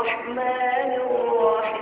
الرحمن الرحيم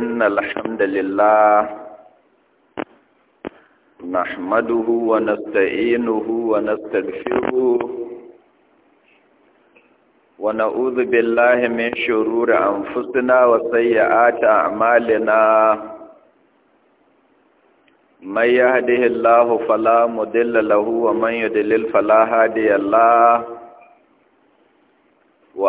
innal hamdalillah nahmaduhu wa nasta'inuhu wa nastaghfiruh wa na'udhu billahi min shururi anfusina wa sayyiati a'malina may yahdihillahu fala mudilla lahu wa man yudlil fala hadiya lahu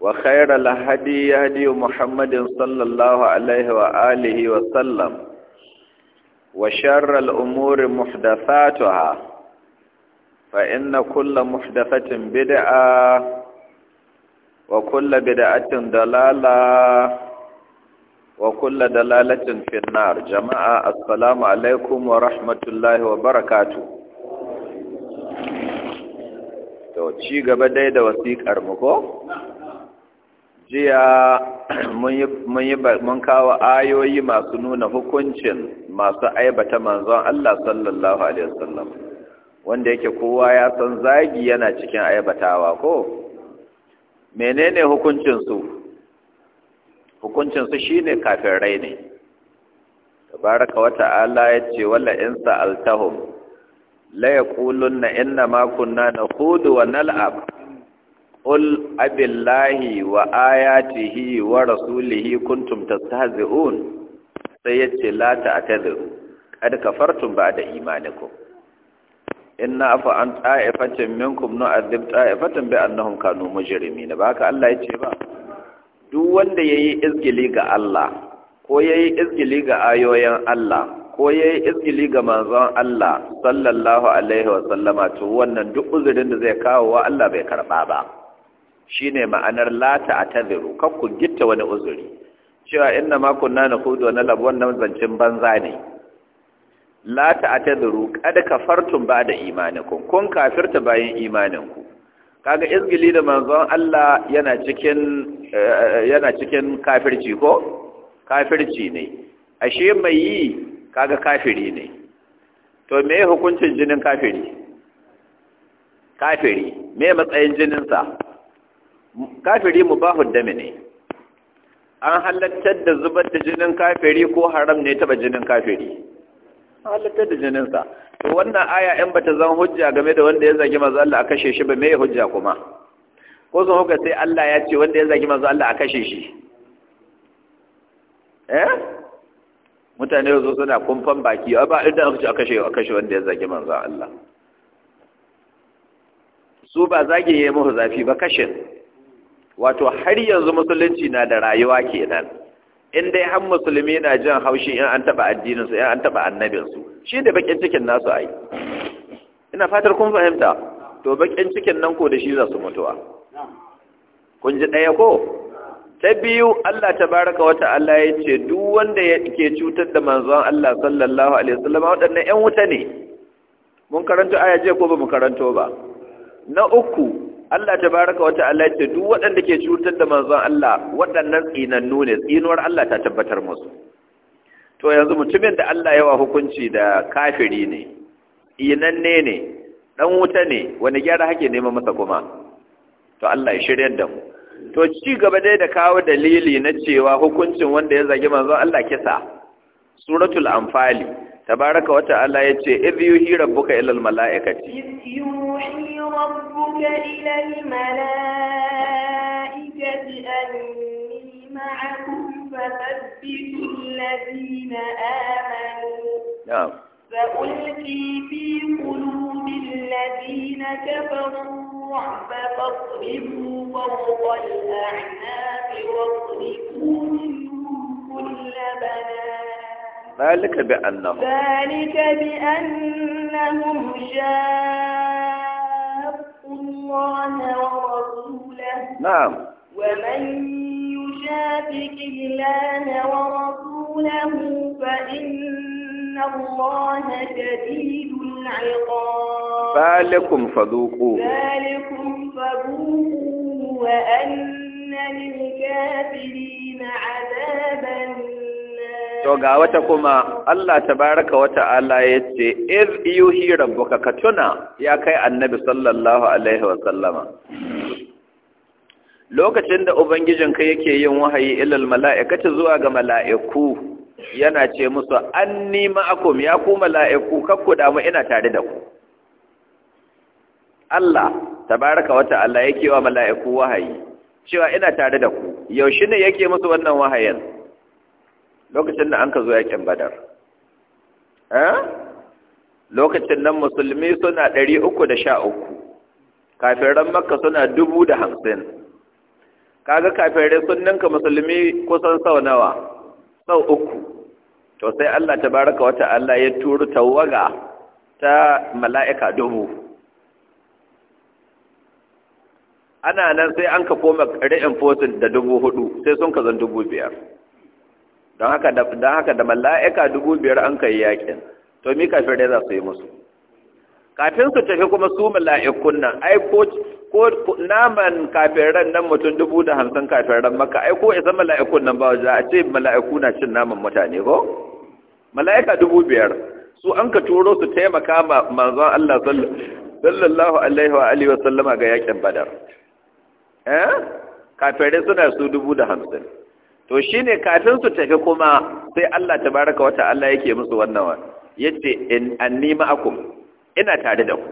وخير الهدي يهدي محمد صلى الله عليه وآله وسلم وشر الأمور محدثاتها فإن كل محدثة بدعة وكل بدعة دلالة وكل دلالة في النار جماعة السلام عليكم ورحمة الله وبركاته to ci gaba dai da wasiƙar mu ko jiya mun kawo ayoyi masu nuna hukuncin masu aibata manzon Allah sallallahu Alaihi wasallam wanda yake kowa ya san zagi yana cikin aibatawa ko menene hukuncinsu hukuncinsu shi ne kafin rai ne tabaraka wata ala ya ce wala insa altahum la yaqulunna inna ma kunna nakhudu wa nal'ab قل abillahi wa وآياته wa rasulihi تستهزئون tastahzi'un لا yace قد كفرتم بعد إيمانكم ba'da imanikum inna afa an نؤذب minkum بأنهم كانوا مجرمين باك kanu يتبع ba haka Allah yace ba duk wanda yayi izgili ga Allah ko yayi izgili ga ayoyin Allah ko ya yi izgili ga manzon Allah sallallahu Alaihi sallama, to wannan duk uzurin da zai kawo wa Allah bai karɓa ba. shine ma'anar Lata a ta'tadiru kakku gitta wani uzuri cewa inna ma kunna Kudu wani labuwan na zancin banza ne Lata a kada ka fartun ba da imaninku, kun kafirta bayan imaninku kaga izgili da manzon Allah yana cikin eh, yana cikin kafirci ko kafirci ne ashe mai yi kaga kafiri ne to me hukuncin jinin kafiri kafiri me matsayin jininsa kafiri mubahud dami ne an halattar da zubar da jinin kafiri ko haram ne taba jinin kafiri an halattar da jininsa to wannan aya in bata zan hujja game da wanda ya zagi manzo Allah a kashe shi ba me hujja kuma ko sun hukunta sai Allah ya ce wanda ya zagi manzo Allah a kashe shi eh mutane zo suna kumfan baki a ba idan aka kashe a kashe wanda ya zagi manzo Allah su ba zagi yi muhu zafi ba kashin wato har yanzu musulunci na da rayuwa kenan in dai har musulmi na jin haushi in an taba addininsu in an taba annabinsu shi da bakin cikin nasu ai ina fatar kun fahimta to bakin cikin nan ko da shi za su mutuwa kun ji ɗaya ko ta biyu Allah tabaraka wata Allah ya ce duk wanda ke cutar da manzon Allah sallallahu alaihi wasallam waɗannan ƴan wuta ne mun karanto aya je ko ba mu karanto ba na uku Allah ta baraka wata Allah ta duk waɗanda ke cutar da manzon Allah waɗannan tsinannu ne tsinuwar Allah ta tabbatar musu to yanzu mutumin da Allah yawa hukunci da kafiri ne tsinanne ne dan wuta ne wani gyara hake neman masa kuma to Allah ya shirya da mu to ci gaba dai da kawo dalili na cewa hukuncin wanda ya zagi manzon Allah kisa suratul anfali تبارك وتعالى يتي إذ يوحي ربك إلى الملائكة إذ يوحي ربك إلى الملائكة أني معكم فتذبتوا الذين آمنوا نعم فألقي في قلوب الذين كفروا رعب فاطربوا فوق الأعناق واطربوا منهم كل بنات ذلك بأنهم ذلك بأنهم شاقوا الله ورسوله نعم ومن يشاقق الله ورسوله فإن الله شديد العقاب ذلكم فذوقوا ذلكم فذوقوا وأن للكافرين عذابا to ga wata kuma Allah tabaraka wa ta'ala yace iz yuhi rabbuka ka tuna ya kai annabi sallallahu alaihi wa sallama lokacin da ubangijin ka yake yin wahayi ilal mala'ikati zuwa ga mala'iku yana ce musu anni ma'akum ya ku mala'iku kakku damu ina tare da ku Allah tabaraka wa ta'ala yake wa mala'iku wahayi cewa ina tare da ku yaushe ne yake musu wannan wahayin lokacin da an ka zo yakin badar eh? lokacin nan musulmi suna ɗari uku da sha uku kafiran makka suna dubu da hamsin kaga kafirai sun ninka musulmi kusan sau nawa sau uku to sai Allah ta baraka wata Allah ya turu tawaga ta mala'ika dubu ana nan sai an ka koma reinforcing da dubu hudu sai sun ka zan dubu biyar don haka da haka da mala'ika dubu biyar an kai yakin to mi kafirai za su yi musu kafin su tafi kuma su mala'ikun nan ai ko ko naman kafiran nan mutum dubu da hamsin kafiran maka ai ko isa mala'ikun nan ba za a ce mala'iku na cin naman mutane ko mala'ika dubu biyar su an ka turo su taimaka ma manzon Allah sallallahu alaihi wa alihi wa sallama ga yakin badar eh kafirai suna su dubu da hamsin to shine kafin su tafi kuma sai Allah tabaraka wa ta'ala yake musu wannan yace in anni ku? ina tare da ku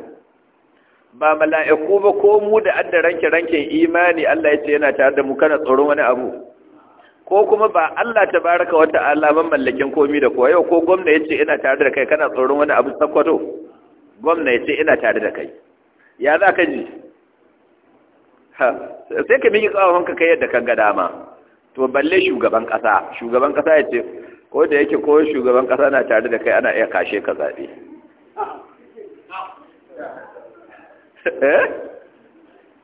ba mala'iku ba ko mu da adda ranke ranken imani Allah yace yana tare da mu kana tsoron wani abu ko kuma ba Allah tabaraka wa ta'ala ban mallakin komai da kowa yau ko gwamna yace ina tare da kai kana tsoron wani abu sakwato gwamna yace ina tare da kai ya za ka ji Ha, sai ka miƙa tsawon ka kai yadda kan ga dama to balle shugaban kasa shugaban kasa ya ce ko da yake ko shugaban kasa na tare da kai ana iya kashe ka zaɓe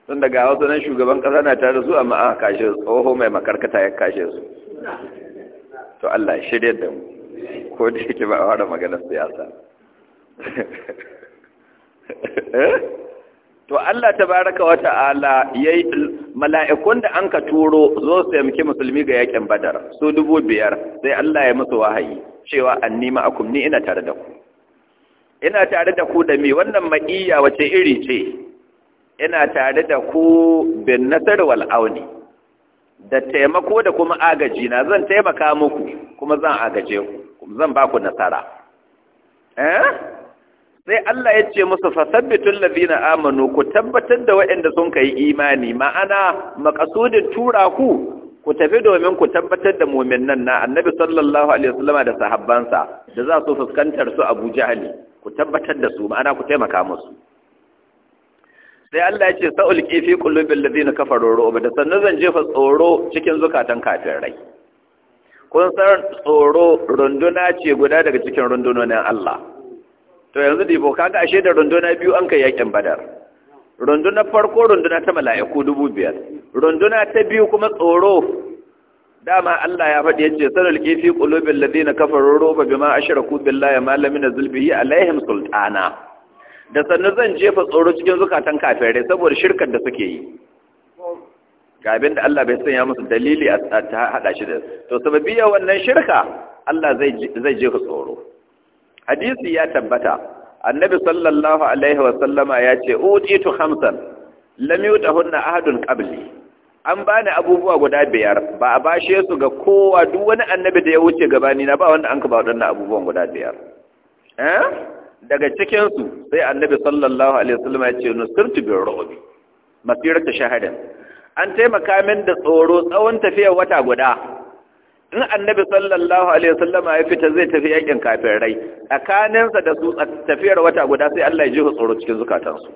sun eh? daga wasu nan shugaban kasa na tare su amma aka kashe su tsoho mai makarkata ya kashe su to Allah shirya da mu ko da yake ba a wada maganar siyasa eh to Allah ta wata wa ta'ala yayi mala'ikun da an ka turo zo su muke musulmi ga yakin badar su dubu biyar sai Allah ya musu wahayi cewa an nima akum ni ina tare da ku ina tare da ku da mi wannan ma'iyya wace iri ce ina tare da ku bin nasar wal auni da taimako da kuma agaji na zan taimaka muku kuma zan agaje ku zan ba ku nasara eh sai Allah ya ce musu fasabbitul ladina amanu ku tabbatar da waɗanda sun kai imani ma'ana makasudin tura ku ku tafi domin ku tabbatar da mu'minan na annabi sallallahu alaihi wasallama da sahabbansa da za su fuskantar su Abu Jahali ku tabbatar da su ma'ana ku taimaka musu sai Allah ya ce sa'ul kifi qulubil ladina kafaru ru'ba da sannan zan jefa tsoro cikin zukatan kafirai kun san tsoro runduna ce guda daga cikin rundunonin Allah to yanzu ibo kaga ashe da runduna biyu an kai yakin badar runduna farko runduna ta mala'iku dubu biyar runduna ta biyu kuma tsoro dama Allah ya faɗi yace sanal kifi qulubil ladina kafaru ruba bima ashraku billahi ma lam yunzilbihi alaihim sultana da sannu zan jefa tsoro cikin zukatan kafirai saboda shirkar da suke yi ga abin da Allah bai sanya musu dalili a ta hada shi da to sababiyar wannan shirka Allah zai zai jefa tsoro hadisi ya tabbata annabi sallallahu alaihi wa sallama ya ce utitu khamsan lam yutahunna ahadun qabli an bani abubuwa guda biyar ba a bashe su ga kowa duk wani annabi da ya wuce gabani na ba wanda an ka ba wadannan abubuwan guda biyar eh daga cikin su sai annabi sallallahu alaihi wa sallama ya ce nusirtu bi rubi masirata an taimaka min da tsoro tsawon tafiyar wata guda in annabi sallallahu alaihi wasallam ya fita zai tafi yakin kafirai tsakaninsa da su tafiyar wata guda sai Allah ya jefa tsoro cikin zukatansu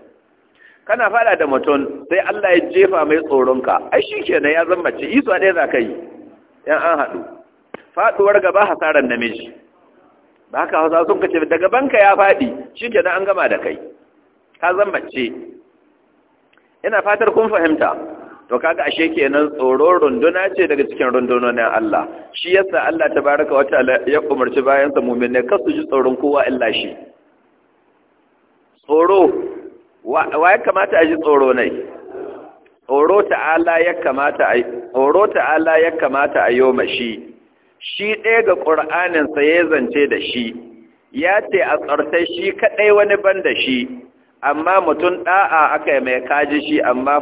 kana fada da mutum sai Allah ya jefa mai tsoronka ai shikenan ya zama ce isu ɗaya za ka yi yan an haɗu faduwar gaba hasaran namiji ba haka hausa sun kace daga banka ya faɗi shikenan an gama da kai ka zama ce ina fatar kun fahimta to kaga ashe kenan tsoro runduna ce daga cikin rundunonin Allah shi yasa Allah tabaraka wa ta'ala ya umarci bayan sa mu'minne kar su ji tsoron kowa illa shi tsoro wa ya kamata a ji tsoro ne tsoro ta'ala ya kamata a tsoro ta'ala ya kamata a yoma shi shi ɗaya ga Qur'anin sa ya zance da shi ya ce a tsartai shi kadai wani ban da shi amma mutum ɗa'a aka yi mai kaji shi amma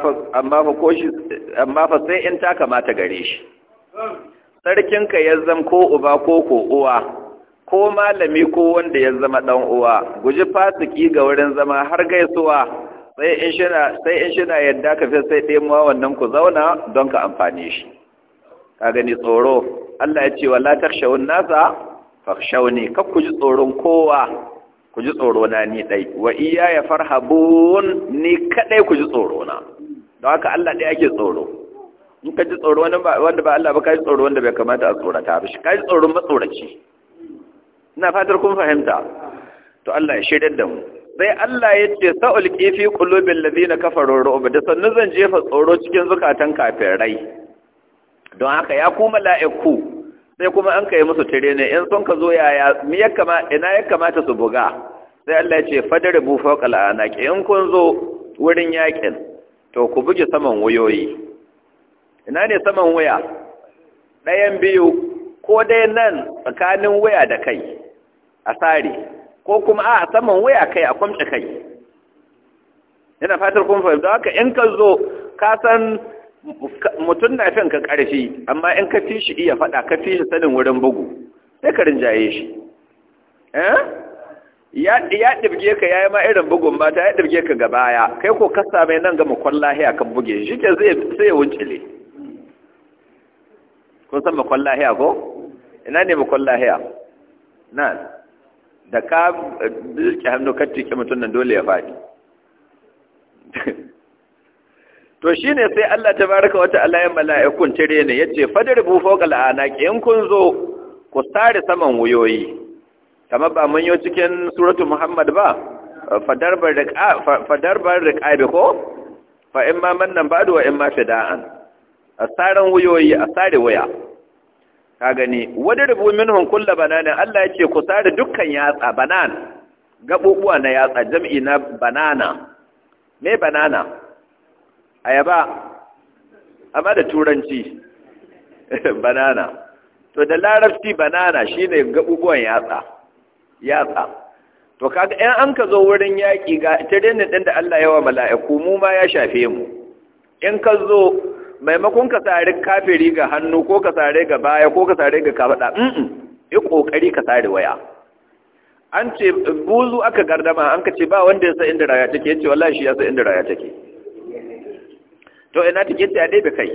fa sai in ta kamata gare shi sarkinka ya zama ko uba ko ko uwa ko malami ko wanda ya zama ɗan uwa guji fasiki ga wurin zama har gaisuwa sai in shina sai yadda ka fi sai ɗemuwa wannan ku zauna don ka amfani shi ka gani tsoro Allah ya ce wala takshawun nasa fakhshawni ka ku ji tsoron kowa ku ji tsoro na ni dai wa iya ya farhabun ni kadai ku ji tsoro na don haka Allah dai ke tsoro in ka ji tsoro wanda ba Allah ba ka ji tsoro wanda bai kamata a tsorata ba shi ka ji tsoron matsoraci ina fatar kun fahimta to Allah ya shirya da mu sai Allah ya ce sa'ul kifi qulubil ladina kafaru ru'ba da sannu zan jefa tsoro cikin zukatan kafirai don haka ya ku mala'iku sai kuma an kai musu tire ne in sun ka zo yaya mi ya kama ina ya kamata su buga sai Allah ya ce fadribu fawqa al'anaq in kun zo wurin yakin to ku buge saman wayoyi ina ne saman waya ɗayan biyu ko dai nan tsakanin waya da kai a sare ko kuma a saman waya kai a kwamce kai Ina fatar kun fahimta haka in ka zo ka san mutum na fin ka ƙarfi amma in ka fi shi iya faɗa ka fi shi sanin wurin bugu sai ka rinjaye shi eh ya ɗirge ka ya yi ma irin bugun mata ya ɗirge ka ya kai ko ka same nan ga makon lahiya kan buge shi ke sai wuncile kun san makon lahiya ko ina ne makon lahiya na da ka zuke eh, hannu kacce ke mutum nan dole ya faɗi to shi ne sai Allah ta baraka wata ya mala'ikun tire ne ya ce fadar bufo ga la'ana in kun zo ku sare saman wuyoyi kamar ba mun yi cikin suratu muhammad ba fadarbar riƙabi ko fa in ma mannan ba wa in ma fida'an a tsarin wuyoyi a tsari waya ka gani Wani rubu minhun kulla bananin allah ce ku tsari dukkan yatsa banan gaɓuɓuwa na yatsa jam'i na banana me banana ayaba amma da turanci banana to da larabci banana shine gaɓuɓuwan yatsa yatsa to kaga in an ka zo wurin yaƙi ga daina ɗin da Allah yawa mala'iku mu ma ya shafe mu in ka zo maimakon ka sare kafiri ga hannu ko ka sare ga baya ko ka sare ga kafada mm yi kokari ka sare waya an ce buzu aka gardama an ka ce ba wanda ya san inda raya take yace wallahi shi ya san inda raya take to ina take ta dai bai kai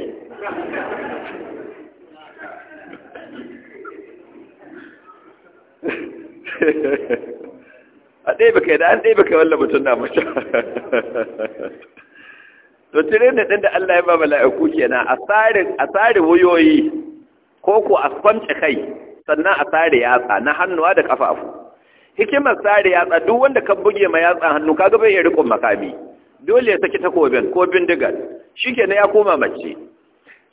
Thank you. a ɗaya baka da an ɗaya baka wallan mutum na mace to tirin ɗin da Allah ya ba mala'iku kenan a a tsare wayoyi ko ko a kwance kai sannan a tsare yatsa na hannuwa da kafafu hikimar tsare yatsa duk wanda ka buge ma yatsa hannu kaga bai iya riƙon makami dole ya saki takobin ko ke shikenan ya koma mace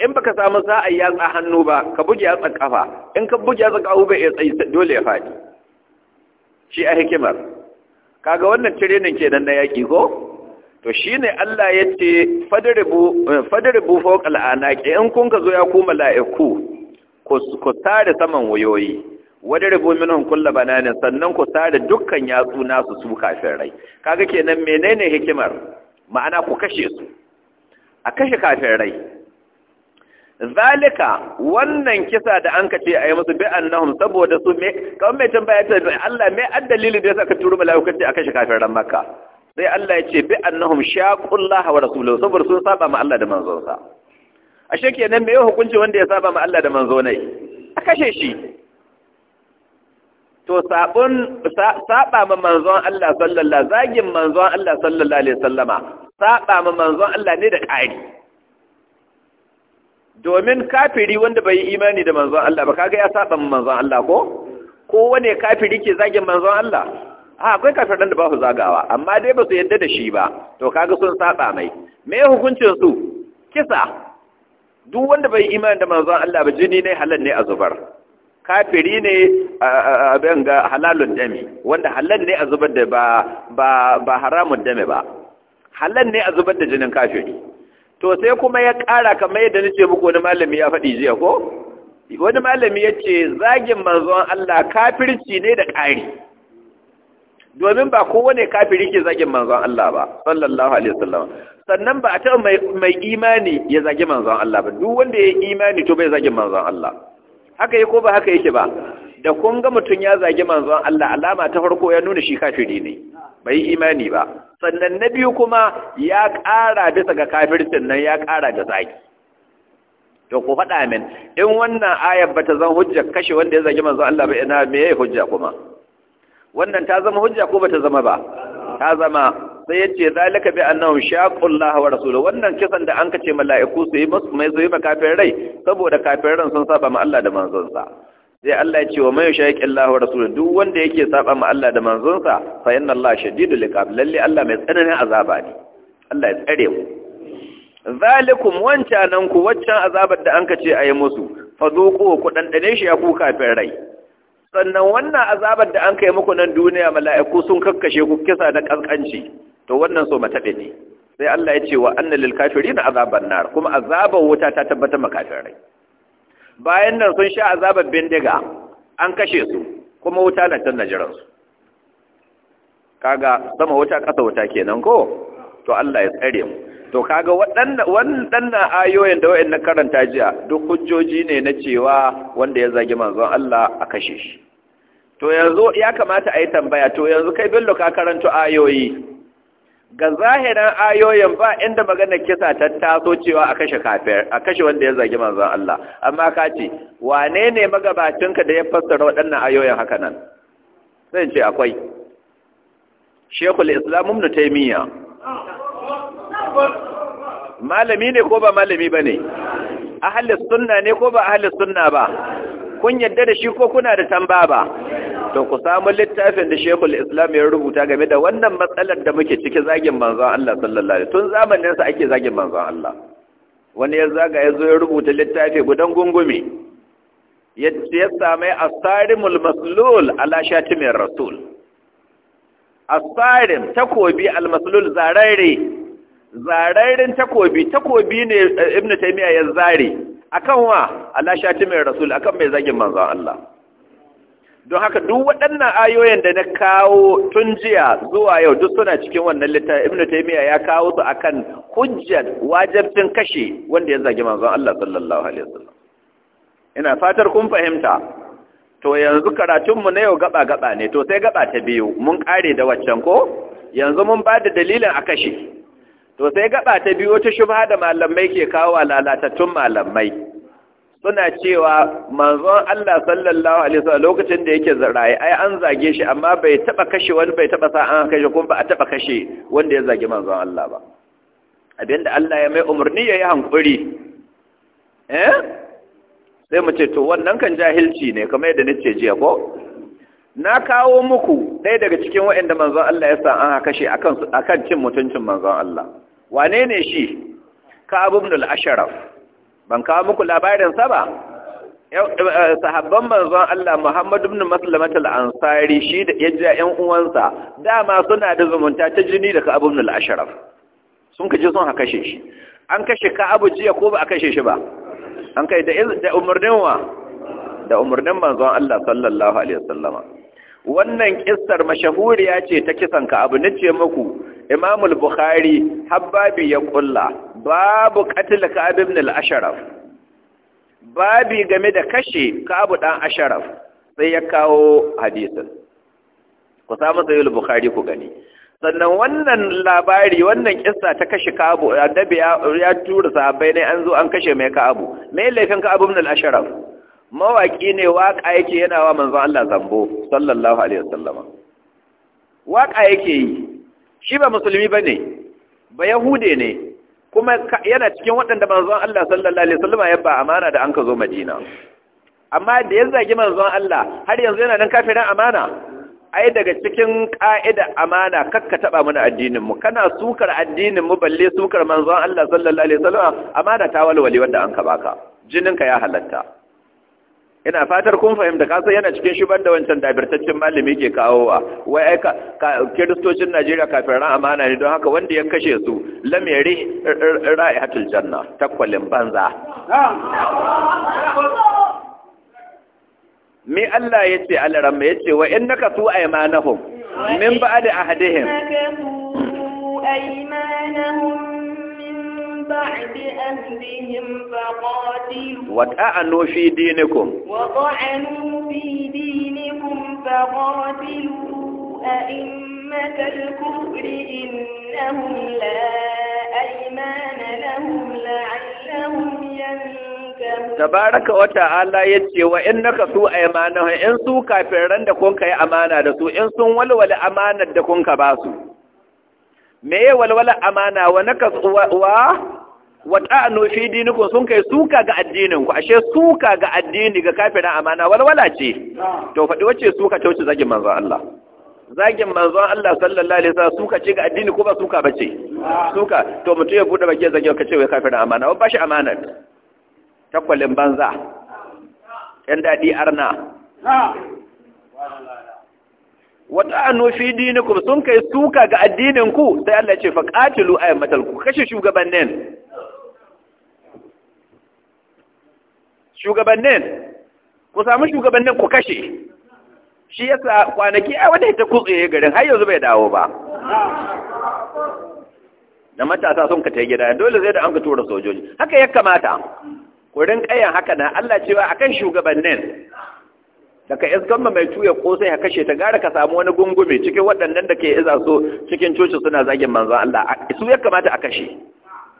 in baka samu sa'a yatsa hannu ba ka buge yatsa kafa in ka buge yatsa kafa bai iya tsayi dole ya faɗi shi a hikimar kaga wannan tirenin kenan na yaƙi ko to shi ne Allah ya yace fadaribu fadribu al'ana ke in kun ka zo ya ku mala'iku ku tare saman wayoyi wadribu minhum kull ne sannan ku tare dukkan yatsu nasu su kafin rai kaga kenan menene hikimar ma'ana ku kashe su a kashe kafin rai zalika wannan kisa da an kace ayi musu bi annahum saboda su me kawai mai tambaya ta Allah me addalili da yasa ka turu malaiku ce aka shi kafiran makka sai Allah ya ce bi annahum shaqullaha wa rasuluhu saboda sun saba ma Allah da manzon sa ashe kenan me hukunci wanda ya saba ma Allah da manzo ne a kashe shi to sabon saba ma manzon Allah sallallahu zagin manzon Allah sallallahu alaihi wasallama saba ma manzon Allah ne da ƙari domin kafiri wanda bai yi imani da manzon Allah ba kaga ya saba manzon Allah ko ko wane kafiri ke zagin manzon Allah a akwai kafiran da ba su zagawa amma dai ba su yadda da shi ba to kaga sun saba mai me hukuncin su kisa duk wanda bai yi imani da manzon Allah ba jini ne halal ne a zubar kafiri ne abin ga halalun dami wanda halal ne a zubar da ba ba haramun dami ba halal ne a zubar da jinin kafiri to sai kuma ya ƙara kamar yadda nace muku wani malami ya faɗi jiya ko wani malami ya ce zagin manzon Allah kafirci ne da ƙari domin ba kowane kafiri ke zagin manzon Allah ba sallallahu alaihi wasallam sannan ba a taɓa mai imani ya zagi manzon Allah ba duk wanda ya imani to bai zagin manzon Allah haka yake ko ba haka yake ba da kun ga mutum ya zagi manzon Allah alama ta farko ya nuna shi kafiri ne bai imani ba sannan na biyu kuma ya ƙara bisa ga kafircin nan ya ƙara da zaki to ku faɗa min in wannan ayar ba ta zan hujja kashe wanda ya zagi manzo Allah ba ina me yayi hujja kuma wannan ta zama hujja ko ba ta zama ba ta zama sai ya ce zalika bi annahum laha wa rasuluhu wannan kisan da an kace mala'iku su yi musu mai zoyi rai, saboda kafiran sun saba ma Allah da manzon sa sai Allah ya ce wa mai shaƙi Allah wa rasulun duk wanda yake saba ma Allah da manzonsa fa inna Allah shadidul liqab lalle Allah mai tsananin azaba ne Allah ya tsare mu zalikum wancanan ku waccan azabar da anka ce ayi musu fa zuqu ku dan dane shi ya ku kafin rai sannan wannan azabar da anka yi muku nan duniya mala'iku sun kakkashe ku kisa da kaskanci to wannan so matabe ne sai Allah ya ce wa anna lil kafirin azaban nar kuma azabar wuta ta tabbata makafirai bayan nan sun sha azabar bindiga an kashe su kuma wuta na tun najiransu kaga sama wuta ƙasa wuta kenan ko to Allah ya tsare mu to kaga waɗannan ayoyin da wa'in na karanta jiya duk hujjoji ne na cewa wanda ya zagi manzon Allah a kashe shi to yanzu ya kamata a yi tambaya to yanzu kai bello ka karanto ayoyi ga zahiran ayoyin ba inda magana kisa ta taso cewa a kashe kafir a kashe wanda ya zagi manzon Allah amma ka ce wane ne magabacinka da ya fassara waɗannan ayoyin haka nan sai ce akwai Sheikhul Islam Ibn Taymiyyah malami ne ko ba malami bane ahlus sunna ne ko ba ahlus sunna ba kun yadda da shi ko kuna da tamba ba to ku samu littafin da shekul islam ya rubuta game da wannan matsalar da muke ciki zagin manzon Allah sallallahu alaihi tun zamanin sa ake zagin manzon Allah wani ya zaga ya zo ya rubuta littafi gudan gungume ya same asarimul maslul ala shatimir rasul asarim takobi al maslul zarare takobi takobi ne eh, ibnu taymiya ya zare akan wa ala shatimir rasul akan mai zagin manzon Allah don haka duk waɗannan ayoyin da na kawo tun jiya zuwa yau duk suna cikin wannan littafin ibnu taymiya ya kawo su akan hujjar wajibcin kashe wanda ya zagi manzon Allah sallallahu alaihi wasallam ina fatar kun fahimta to yanzu karatun na yau gaba gaba ne to sai gaba ta biyu mun kare da waccan ko yanzu mun ba da dalilin a kashe to sai gaba ta biyu ta shubha da malamai ke kawo lalatattun malamai suna cewa manzon Allah sallallahu alaihi wasallam lokacin da yake zaraye ai an zage shi amma bai taba kashe wani bai taba sa an kashe kuma ba a taba kashe wanda ya zage manzon Allah ba abinda Allah ya mai umarni yayi hankuri eh sai mu ce to wannan kan jahilci ne kamar yadda nace jiya ko na kawo muku ɗaya daga cikin waɗanda manzon Allah ya sa an kashe akan akan cin mutuncin manzon Allah wane ne shi ka ibn al-asharaf ban kawo muku labarin sa ba eh, eh, sahabban manzon Allah Muhammadu ibn Maslamat al-Ansari shi da yajja ƴan uwansa dama suna da zumunta ta jini da Ka'ab ibn al-Ashraf sun kaje sun haka shi an kashe Ka'ab jiya ko ba a kashe shi ba an kai da da umurnin wa da umurnin manzon Allah sallallahu alaihi wasallama wannan kissar mashahuriya ce ta kisan Ka'ab nace muku imamul bukhari habbabi ya kulla babu katil ka'ab ibn al-asharaf babi game da kashe ka'ab dan asharaf sai ya kawo hadisin ku samu sayyid bukhari ku gani sannan wannan labari wannan kissa ta kashe ka'abu annabi ya tura sahabbai ne an zo an kashe mai ka'abu mai laifin ka'abu ibn al-asharaf mawaki ne waka yake yana wa manzon Allah zambo sallallahu alaihi wasallama waka yake yi shi ba musulmi ba ne ba yahude ne kuma yana cikin waɗanda manzon Allah sallallahu alaihi wasallam ya ba amana da an ka zo Madina amma da ya zagi manzon Allah har yanzu yana nan kafirin amana ai daga cikin ka'ida amana kakka taba mana addinin mu kana sukar addininmu mu balle sukar manzon Allah sallallahu alaihi wasallam amana ta walwali wanda an ka baka jinin ka ya halatta ina fatar kun fahimta ka san yana cikin shubar da wancan dabirtaccen malami ke kawo wai ai kiristocin Najeriya kafin ran amana ne don haka wanda ya kashe su lam yari ra'ihatul janna takwalin banza me Allah yace alaran me yace wa innaka tu aymanahum min ba'di ahdihim aymanahum بعد أهلهم فقاتلوا وطعنوا في دينكم وطعنوا في دينكم فقاتلوا أئمة الكفر إنهم لا أيمان لهم لعلهم ينتهون تبارك وتعالى يجي وإنك سوء أيمانهم إن سوء كافرين دكونك يا أمانة دكو إن سوء ولو لأمانة دكونك باسو me ya walwala amana wa naka wa wa ta'anu fi dinikum sun kai suka ga addinin ku ashe suka ga addini ga kafirin amana walwala ce to fadi wace suka ta wuce zagin manzon Allah zagin manzon Allah sallallahu alaihi wasallam suka ce ga addini ko ba suka bace suka to mutum ya bude baki zagin ka ce wai kafirin amana wa bashi amana takwalin banza yan dadi arna wata annu fi dinikum sun kai suka ga addinin ku sai Allah ce fa qatilu ayyamatal ku kashe shugabannin shugabannin ku samu shugabannin ku kashe shi yasa kwanaki ai wanda ta kutse garin har yanzu bai dawo ba da matasa sun ka ta gida dole zai da an ka tura sojoji haka ya kamata ku rinka yin haka na Allah cewa akan shugabannin daga iskan mai tuya sai ya kashe ta gara ka samu wani gungume cikin waɗannan da ke iza so cikin coci suna zagin manzon Allah su ya kamata a kashe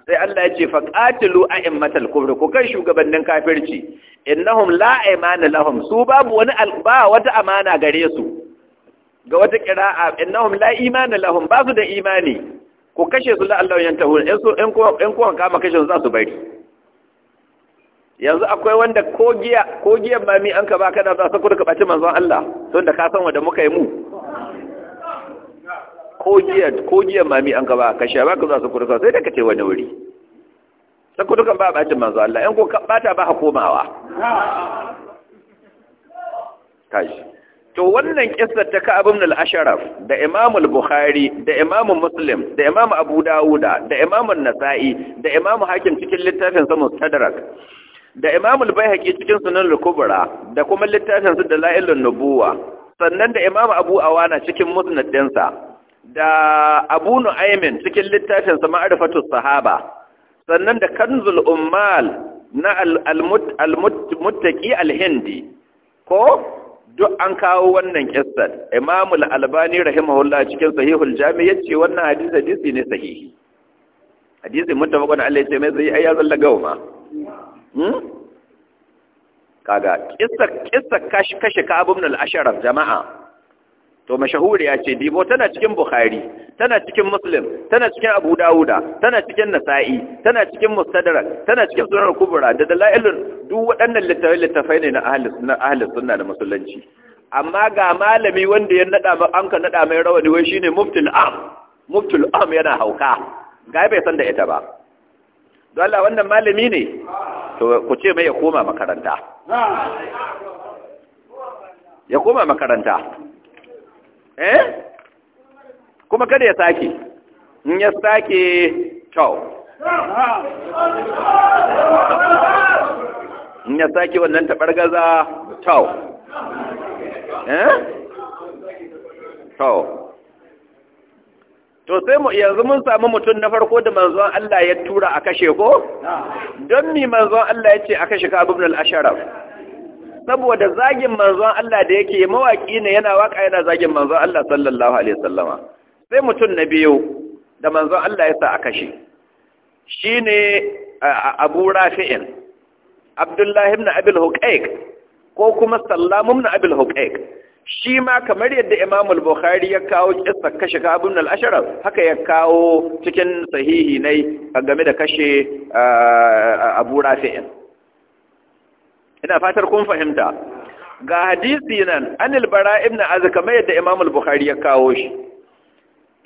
sai Allah ya ce fa qatilu a'immatal kufr ku kai shugabannin kafirci innahum la aymana lahum su babu wani alba wata amana gare su ga wata qira'a innahum la imana lahum ba su da imani ku kashe su la Allah yantahu in ko in ko kama kashe su za su bari yanzu akwai wanda ko giya giyan ba mi an ka baka da za su kuka baci manzon Allah don da ka san wanda muka yi mu ko giya giyan ma mi an ka ba ka sha ka za su kuka sai da ka ce wani wuri sai kuka ba bacin manzon Allah in ko ka bata ba ha komawa to wannan kisar ta ka ibn al da Imam al-Bukhari da Imam Muslim da Imam Abu Dawud da Imam An-Nasa'i da Imam Hakim cikin littafin sa Mustadrak da imamul bayhaqi cikin sunan al-kubra da kuma littafin su dalailun nubuwa sannan da imam abu awana cikin musnad dinsa da abu nu'aymin cikin littafin sa ma'rifatus sahaba sannan da kanzul ummal na al-muttaqi al-hindi ko duk an kawo wannan kissar imamul albani rahimahullah cikin sahihul jami yace wannan hadisi hadisi ne sahihi hadisi muttafaqun alayhi sai mai sai ayya lagawma Hmm? kaga kisa kisa kashi kashi ka abun al jama'a to mashahuri ya ce dibo tana cikin bukhari tana cikin muslim tana cikin abu dauda tana cikin nasa'i tana cikin mustadrak tana cikin sunan kubra da dalailun duk waɗannan littafai littafai ne na ahli sunna da musulunci amma ga malami wanda ya nada an ka nada mai rawani wai shine muftul am muftul am yana hauka ga bai san da ita ba don Allah wannan malami ne to ku ce mai ya koma makaranta ya koma makaranta eh kuma kada ya sake in ya sake kyau in ya sake wannan gaza kyau eh kyau to sai yanzu mun samu mutum na farko da manzon Allah ya tura a kashe ko don mi manzon Allah ya ce a kashe Kabin ibn al saboda zagin manzon Allah da yake mawaki ne yana waka yana zagin manzon Allah sallallahu alaihi sallama. sai mutum na biyu da manzon Allah ya sa a kashe shine Abu Rafi'in Abdullah na Abil Huqaiq ko kuma Sallam na Abil Huqaiq shi ma kamar yadda Imam bukhari ya kawo kissa kashe Ka'ab ibn al-Ashraf haka ya kawo cikin sahihi nai game da kashe ah, Abu Rafi'in ina fatar kun fahimta ga hadisi nan Anil Bara ibn Azib kamar yadda Imam bukhari ya kawo shi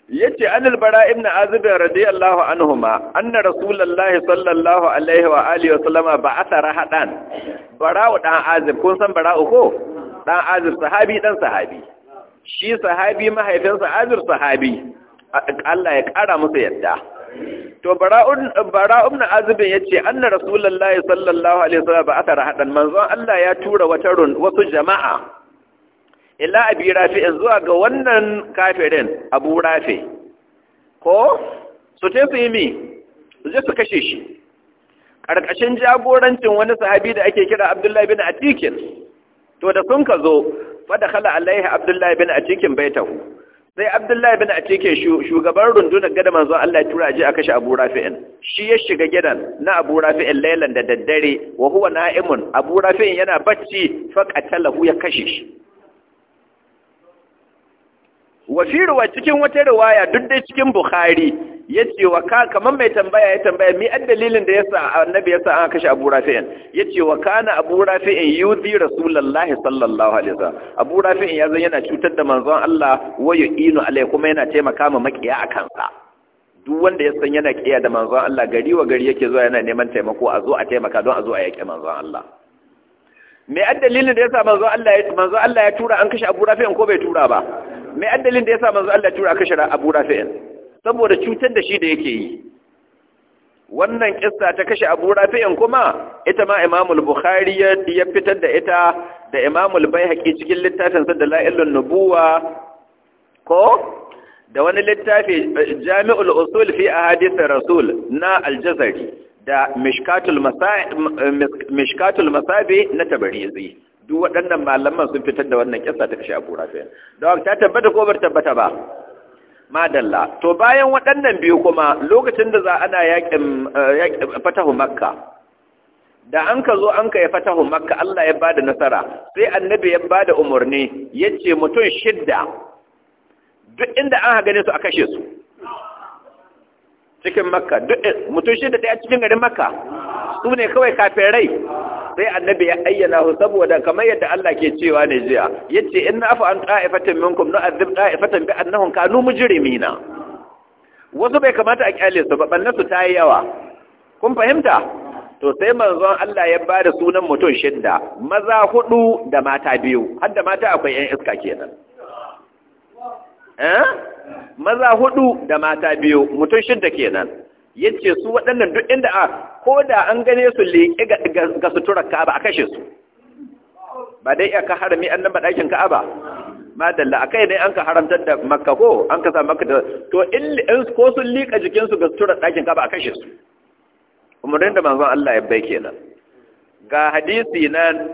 yace Anil Bara ibn Azib radiyallahu anhuma anna Rasulullahi sallallahu alaihi wa alihi wa sallama ba'atha rahadan Bara'u dan Azib kun san Bara'u ko dan azir sahabi dan sahabi shi sahabi mahaifinsa azir sahabi Allah ya kara masa yadda to bara'un bara'un azibin yace anna rasulullahi sallallahu alaihi wasallam ba athara hadan manzon Allah ya tura wata run wasu jama'a ila abi rafi'in zuwa ga wannan kafirin abu rafi ko su ce su yi mi su je su kashe shi ƙarƙashin jagorancin wani sahabi da ake kira abdullahi bin atikin to da kun ka zo fada khala alaihi abdullahi bin atikin baitahu sai abdullahi bin atikin shugaban rundunar gada manzo Allah ya tura ji a kashe abu rafi'in shi ya shiga gidan na abu rafi'in lailan da daddare wa huwa na'imun abu rafi'in yana bacci fa qatalahu ya kashe shi wa ruwa cikin wata riwaya duk dai cikin bukhari ya ce wa ka kamar mai tambaya ya tambaya mi an dalilin da yasa annabi yasa an kashe abu rafi'in ya ce wa kana abu rafi'in yuzi rasulullahi sallallahu alaihi wasallam abu rafi'in ya zan yana cutar da manzon Allah waya inu alai kuma yana taimaka ma makiya a kansa duk wanda ya san yana kiyaye da manzon Allah gari wa gari yake zuwa yana neman taimako a zo a taimaka don a zo a yake manzon Allah mai an dalilin da ya sa Allah manzon Allah ya tura an kashe abu rafi'in ko bai tura ba mai adalin da ya sa manzo Allah tura kashe Abu Rafi'in saboda cutar da shi da yake yi wannan kissa ta kashe Abu Rafi'in kuma ita ma Imam bukhari ya fitar da ita da imamul al-Baihaqi cikin littafin sa da La'ilun Nubuwa ko da wani littafi Jami'ul Usul fi Ahadith Rasul na aljazari da Mishkatul Masabi na Tabarizi duk waɗannan malaman sun fitar da wannan ƙyasa ta kashe Abu Rafi da ta tabbata ko bar tabbata ba madalla to bayan waɗannan biyu kuma lokacin da za ana yaƙin eh, fatahu makka da an ka zo an ka ya fatahu makka Allah ya bada nasara sai annabi ya bada umarni ya ce mutum shidda duk inda an gane su a kashe su cikin makka duk eh, mutum shidda ta cikin garin makka su ne kawai rai sai annabi ya ayyana hu saboda kamar yadda Allah ke cewa ne jiya yace in afa an ta'ifatan minkum nu'adhib ta'ifatan bi annahum kanu mujrimina wasu bai kamata a kyale su ba bannan ta yi yawa kun fahimta to sai manzon Allah ya bada sunan mutum shidda maza hudu da mata biyu har da mata akwai yan iska kenan eh maza hudu da mata biyu mutum shidda kenan Yace su waɗannan duk inda a ko da an gane su leƙe ga suturar ka'aba a kashe su ba dai aka harami an namba ɗakin ka'aba madalla a kai dai an ka haramtar da makka ko an ka sa makka da to in ko sun liƙa jikinsu ga suturar ɗakin ka'aba a kashe su umarnin da manzon Allah ya bai kenan ga hadisi nan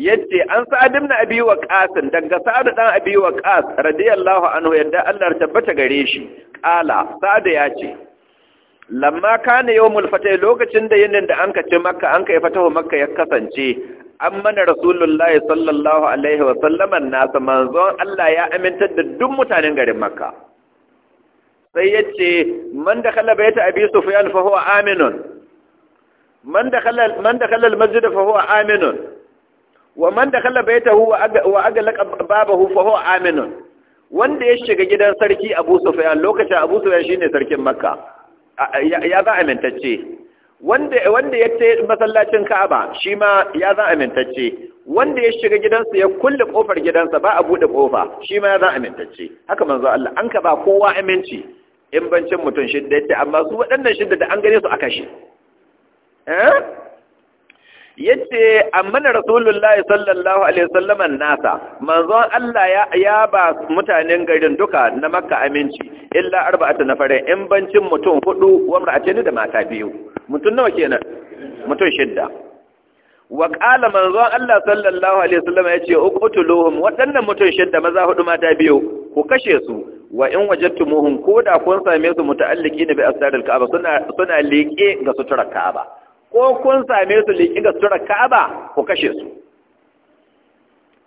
yace an sa'ad ibn abi waqas daga sa'ad dan abi qas radiyallahu anhu yadda Allah ya tabbata gare shi qala sa'ad ce lamma kana yawmul fatah lokacin da yinin da anka ce makka anka yi fatahu makka ya kasance an mana rasulullahi sallallahu alaihi wa sallaman nasa manzon Allah ya amintar da duk mutanen garin makka sai yace man bai ta abi sufyan fa huwa aminun man dakhala man dakhala da fa huwa aminun wa man dakhala huwa wa aglaqa babahu fa huwa aminun wanda ya shiga gidan sarki Abu Sufyan lokacin Abu Sufyan shine sarkin Makka ya za a wanda wanda ya ce masallacin Ka'aba shi ma ya za a mintacce. wanda ya shiga gidansa ya kulle kofar gidansa ba a bude kofa shi ma ya za a mintacce. haka manzo Allah an ka ba kowa aminci in bancin mutum shidda ce, amma su waɗannan shidda da an gane su a kashe eh yace amana rasulullahi sallallahu alaihi wasallam nasa manzon Allah ya ya ba mutanen garin duka na makka aminci illa arba'atu nafarin in bancin mutum hudu wa ni da mata biyu mutum nawa kenan mutum shidda wa qala manzon Allah sallallahu alaihi wasallam yace uqtuluhum wadannan mutum shidda maza hudu mata biyu ku kashe su wa in wajadtumuhum koda kun same su muta'alliqina bi asdaril ka'aba suna suna leke ga suturar ka'aba ko kun same su liƙi da sutura ka'aba ku kashe su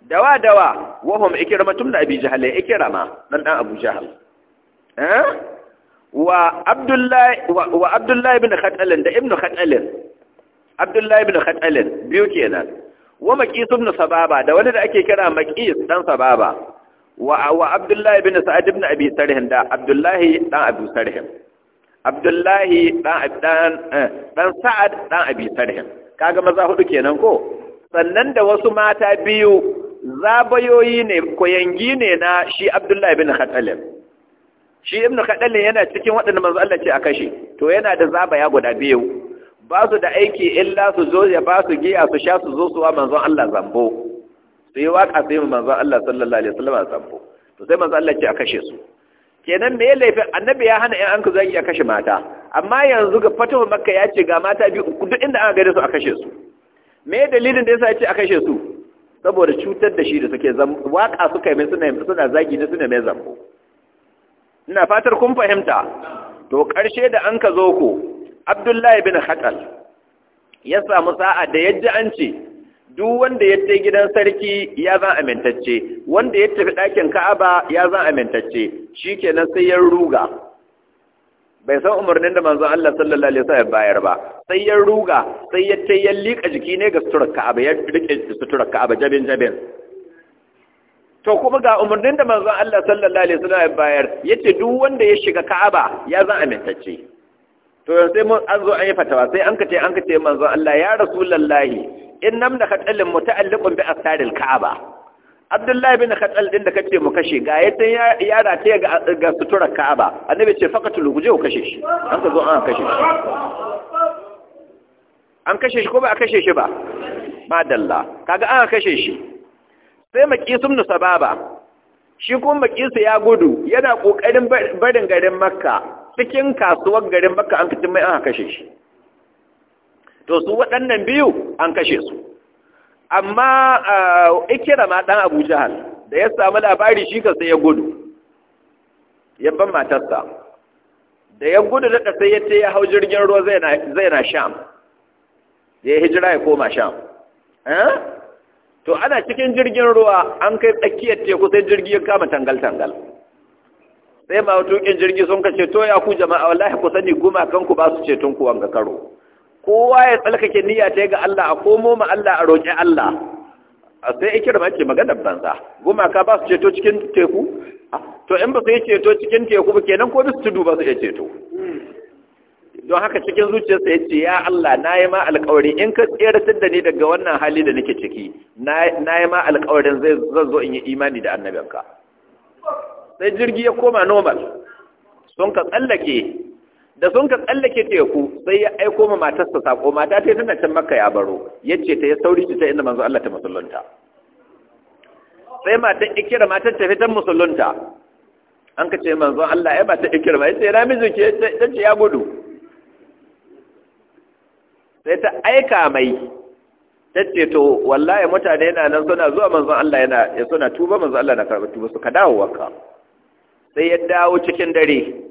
dawa dawa wahum ikirma tun da abi jahal ya ikirama dan dan abu jahal eh? wa abdullahi wa abdullahi ibn khatalin da ibn khatalin abdullahi ibn khatalin biyu kenan wa maqis ibn sababa da wani da ake kira maqis dan sababa wa wa abdullahi ibn sa'ad ibn abi sarhin da abdullahi dan abu sarhin abdullahi ɗan eh, sa'ad ɗan abi sarhin kaga maza hudu kenan ko sannan da wasu mata biyu zabayoyi ne koyangi ne na shi abdullahi bin khatalin shi ibn khatalin yana cikin waɗanda manzo Allah ce a kashe to yana da zabaya guda biyu ba su da aiki illa su zo ya ba su giya su sha su zo su wa manzon Allah zambo su yi waka yi manzon Allah sallallahu alaihi wasallam zambo to sai manzo Allah ce a kashe su kenan me laifin annabi ya hana yan anka zagi a kashe mata amma yanzu ga fatuwa makka ya ce ga mata biyu uku duk inda aka gaida su a kashe su me dalilin da yasa ya ce a kashe su saboda cutar da shi da suke waka suka mai suna suna zagi ne suna mai zambo ina fatar kun fahimta to karshe da anka zo ku abdullahi bin hakal ya samu sa'a da yadda an ce duk wanda ya tafi gidan sarki ya zan amintacce wanda ya tafi ɗakin ka'aba ya zan amintacce shikenan sai ya ruga bai san umarnin da manzon Allah sallallahu alaihi wasallam bayar ba sai ya ruga sai ya ta ya lika jiki ne ga suturar ka'aba ya rike suturar ka'aba jabin jabin to kuma ga umarnin da manzon Allah sallallahu alaihi wasallam bayar yace duk wanda ya shiga ka'aba ya zan amintacce to sai mun an zo an yi fatawa sai an kace an kace manzon Allah ya rasulullahi in nam da katsalin muta'alliqun bi asaril ka'aba abdullahi bin katsal din da kace mu kashe ga ya ya rataye ga ga suturar ka'aba annabi ce faqatul guje ku kashe shi an ka zo an kashe shi an kashe shi ko ba a kashe shi ba madalla kaga an kashe shi sai maqisum nu sababa shi kuma maqisu ya gudu yana kokarin barin garin makka cikin kasuwar garin makka an kace mai an kashe shi to su waɗannan biyu an kashe su amma ma ɗan abu jihar da ya samu labari shi ka sai ya gudu Ya ban matarsa da ya gudu da sai ya ce ya hau jirgin ruwa zai na sham da ya hijira ya koma sham eh? to ana cikin jirgin ruwa an kai tsakiyar teku sai jirgi ya kama tangal-tangal sai ma tukin jirgi sun kace to ya ku jama'a wallahi ku sani gumakan ku ba su ceton ku wanga karo kowa ya tsalkake niyya ta ga Allah a komo ma Allah a roƙi Allah a sai ikirma ce magana banza gumaka ba su ceto cikin teku to in ba su yi ceto cikin teku ba kenan ko su tudu ba su yi ceto don haka cikin zuciyarsa ya ce ya Allah na yi ma alƙawari in ka tseratar da ni daga wannan hali da nake ciki na yi ma alƙawarin zai zo in yi imani da annabinka sai jirgi ya koma normal sun ka tsallake da sun ka tsallake teku sai ya aiko ma matarsa sako mata ta tana can makka ya baro Ya ce ta ya sauri ta inda manzo Allah ta musulunta sai matan ikira matar ta fitan musulunta an ka ce manzo Allah ya matan ikira yace na ta ce ya gudu sai ta aika mai ta ce to wallahi mutane yana nan suna zuwa manzo Allah yana suna tuba manzo Allah na karɓi tuba su ka dawo waka sai ya dawo cikin dare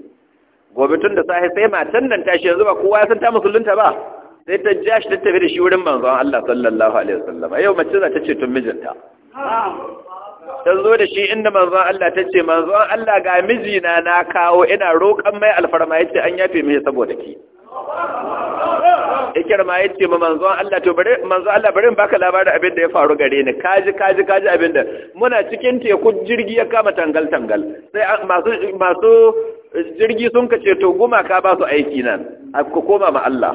gobe tun da sahi sai matan nan tashi yanzu ba kowa ya san ta musulunta ba sai ta ja shi ta tafi da shi wurin manzon Allah sallallahu alaihi wasallam yau mace za ta ce tun mijinta ta zo da shi inda manzon Allah ta ce manzon Allah ga mijina na kawo ina roƙon mai alfarma yace an yafe mishi saboda ki ikir ma ce ma manzon Allah to bari manzon Allah bari in baka labarin abin da ya faru gare ni kaji kaji kaji abin da muna cikin teku jirgi ya kama tangal tangal sai masu masu jirgi sun ka ce to gumaka ba su aiki nan a ku koma ma Allah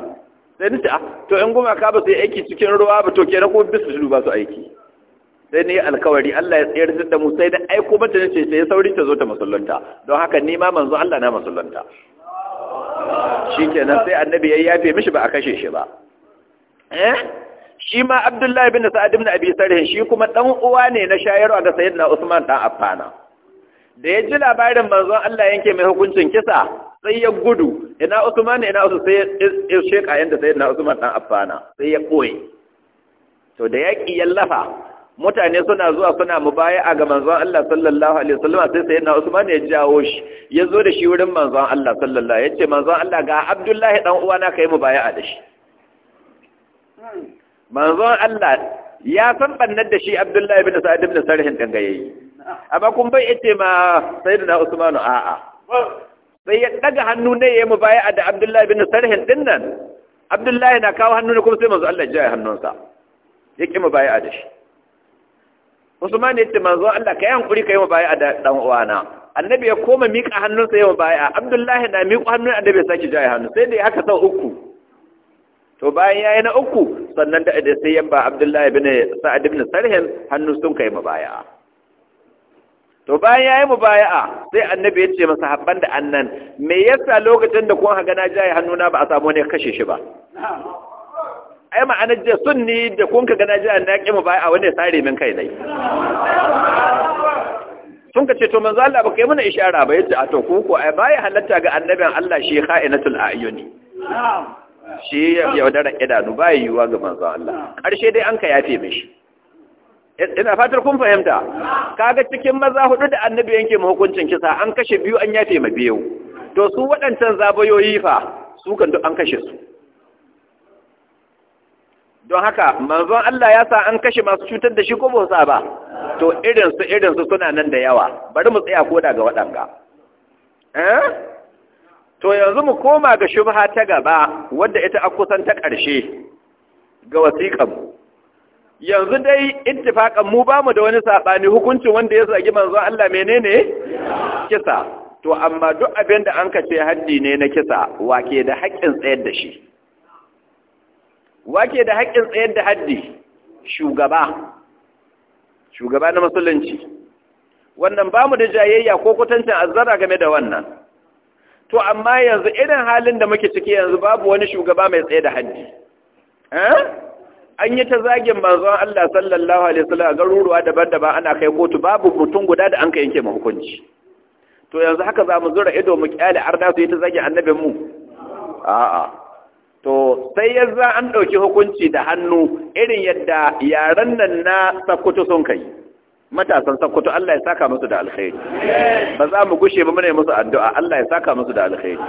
sai ni ta ah, to in gumaka ba su yi aiki cikin ruwa ba to kenan ko bisu ba su aiki sai ni alkawari Allah ya tsayar da mu sai da aiko mata ne ce sai sauri ta zo ta musulunta don haka ni ma manzo Allah na musulunta shikenan sai annabi ya yafe mishi ba a kashe shi ba eh shi ma Abdullahi bin Sa'ad ibn Abi Sarh shi kuma dan uwa ne na shayarwa ga Sayyidina Usman dan Affana da ya ji labarin manzon Allah yanke mai hukuncin kisa sai ya gudu ina Usman ina Usman sai ya sheka yanda sai ina Usman dan Affana sai ya koyi to da yaki yallafa mutane suna zuwa suna mubaya'a ga manzon Allah sallallahu alaihi wasallam sai sai ina Usman ya jawo shi ya zo da shi wurin manzon Allah sallallahu alaihi yace manzon Allah ga Abdullahi dan uwana kai mubaya'a da shi manzon Allah ya san bannar da shi Abdullahi ibn Sa'id ibn Sarhin dangayayi amma kun bai yace ma sayyidina Usmanu a'a sai ya daga hannu ne ya mu baya da Abdullahi bin Sarhin din nan Abdullahi na kawo hannu ne kuma sai manzo Allah ya hannunsa ya ki baya da shi Usman ce manzo Allah kai hankuri kai baya da dan uwana annabi ya koma miƙa hannunsa ya baya Abdullahi na miƙa hannun annabi ya saki jaye hannu sai da ya haka sau uku to bayan yayi na uku sannan da sai yamba Abdullahi bin Sa'ad bin Sarhin hannu sun kai baya to bayan yayi mubaya'a sai annabi ya ce masa habban da annan me yasa lokacin da kun haga na jaye hannuna ba a samu ne kashe shi ba ai ma'anar je sunni da kun kaga na jaye na mu baya'a wanda ya sare min kai dai sun ka to manzo Allah ba kai mana ishara ba yace a to ku ko ai baya halatta ga annabin Allah shi kha'inatul ayuni shi yaudara idanu baya yiwuwa ga manzo Allah karshe dai an ka yafe mishi ina fatar kun fahimta kaga cikin maza hudu da annabi yake mu hukuncin kisa an kashe biyu an yafe ma biyu to su waɗancan zabayoyi fa su kan duk an kashe su don haka manzon Allah ya sa an kashe masu cutar da shi ko bosa ba to irin su irin su suna nan da yawa bari mu tsaya koda ga waɗanga eh to yanzu mu koma ga shubha ta gaba wadda ita a kusan ta karshe ga wasiƙar yanzu dai ittifakan mu ba mu da wani saɓani hukuncin wanda ya zagi manzo Allah menene kisa to amma duk abin da an kace haddi ne na kisa wake da haƙƙin tsayar da shi wake da haƙƙin tsayar da haddi shugaba shugaba na musulunci wannan ba mu da jayayya ko kwatancin azzara game da wannan to amma yanzu irin halin da muke ciki yanzu babu wani shugaba mai tsaye da haddi eh an yi ta zagin manzon Allah sallallahu alaihi wasallam garuruwa daban-daban ana kai kotu babu mutum guda da an ka yanke hukunci to yanzu haka za mu zura ido mu kyale arda su yi ta zagin annabin mu a'a to sai ya za an ɗauki hukunci da hannu irin yadda yaran nan na sakkuto sun kai matasan sakkuto Allah ya saka musu da alkhairi ba za mu gushe ba ne musu addu'a Allah ya saka musu da alkhairi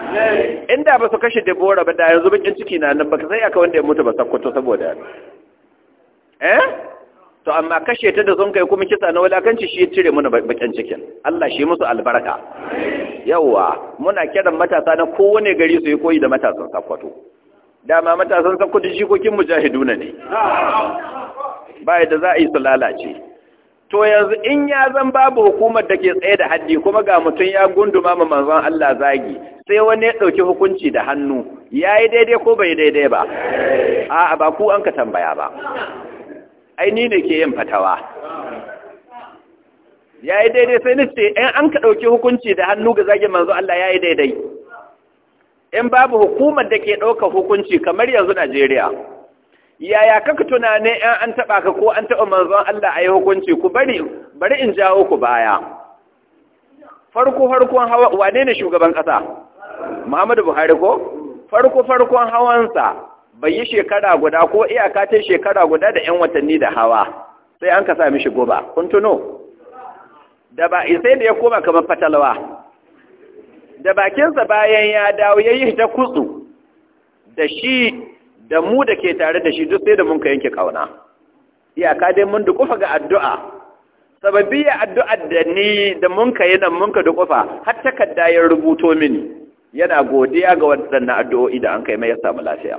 inda ba su kashe debora ba da yanzu bakin ciki na nan ba sai aka wanda ya mutu ba sakkuto saboda eh to amma kashe ta da sun kuma kisa na walakanci shi cire muna bakin cikin Allah shi musu albarka yawa muna kiran matasa na kowane gari su yi koyi da matasan Da dama matasan shi kokin mujahiduna ne ba da za a yi su lalace to yanzu in ya zan babu hukumar da ke tsaye da haddi kuma ga mutum ya gunduma ma manzon Allah zagi sai wani ya ɗauki hukunci da hannu yayi daidai ko bai daidai ba a'a ba ku an ka tambaya ba ai ni ne ke yin fatawa ya yi daidai sai ni ce in an ka ɗauki hukunci da hannu ga zagin manzo Allah ya yi daidai in babu hukumar da ke ɗaukar hukunci kamar yanzu Najeriya yaya kaka tunane in an taɓa ka ko an taɓa manzon Allah a yi hukunci ku bari bari in jawo ku baya farko farkon hawa wane ne shugaban ƙasa Muhammadu Buhari ko farko farkon hawansa bai yi shekara guda ko iyaka ta shekara guda da 'yan watanni da hawa sai an ka sa mishi goba kun tuno da ba sai da ya koma kamar fatalwa da bakinsa bayan ya dawo ya yi ta kutsu da shi da mu da ke tare da shi duk sai da mun ka yanke kauna iyaka dai mun dukufa ga addu'a ya addu'ar da ni da mun ka yi nan mun ka dukufa har takarda ya rubuto mini yana godiya ga waɗannan addu'o'i da an kai mai ya samu lafiya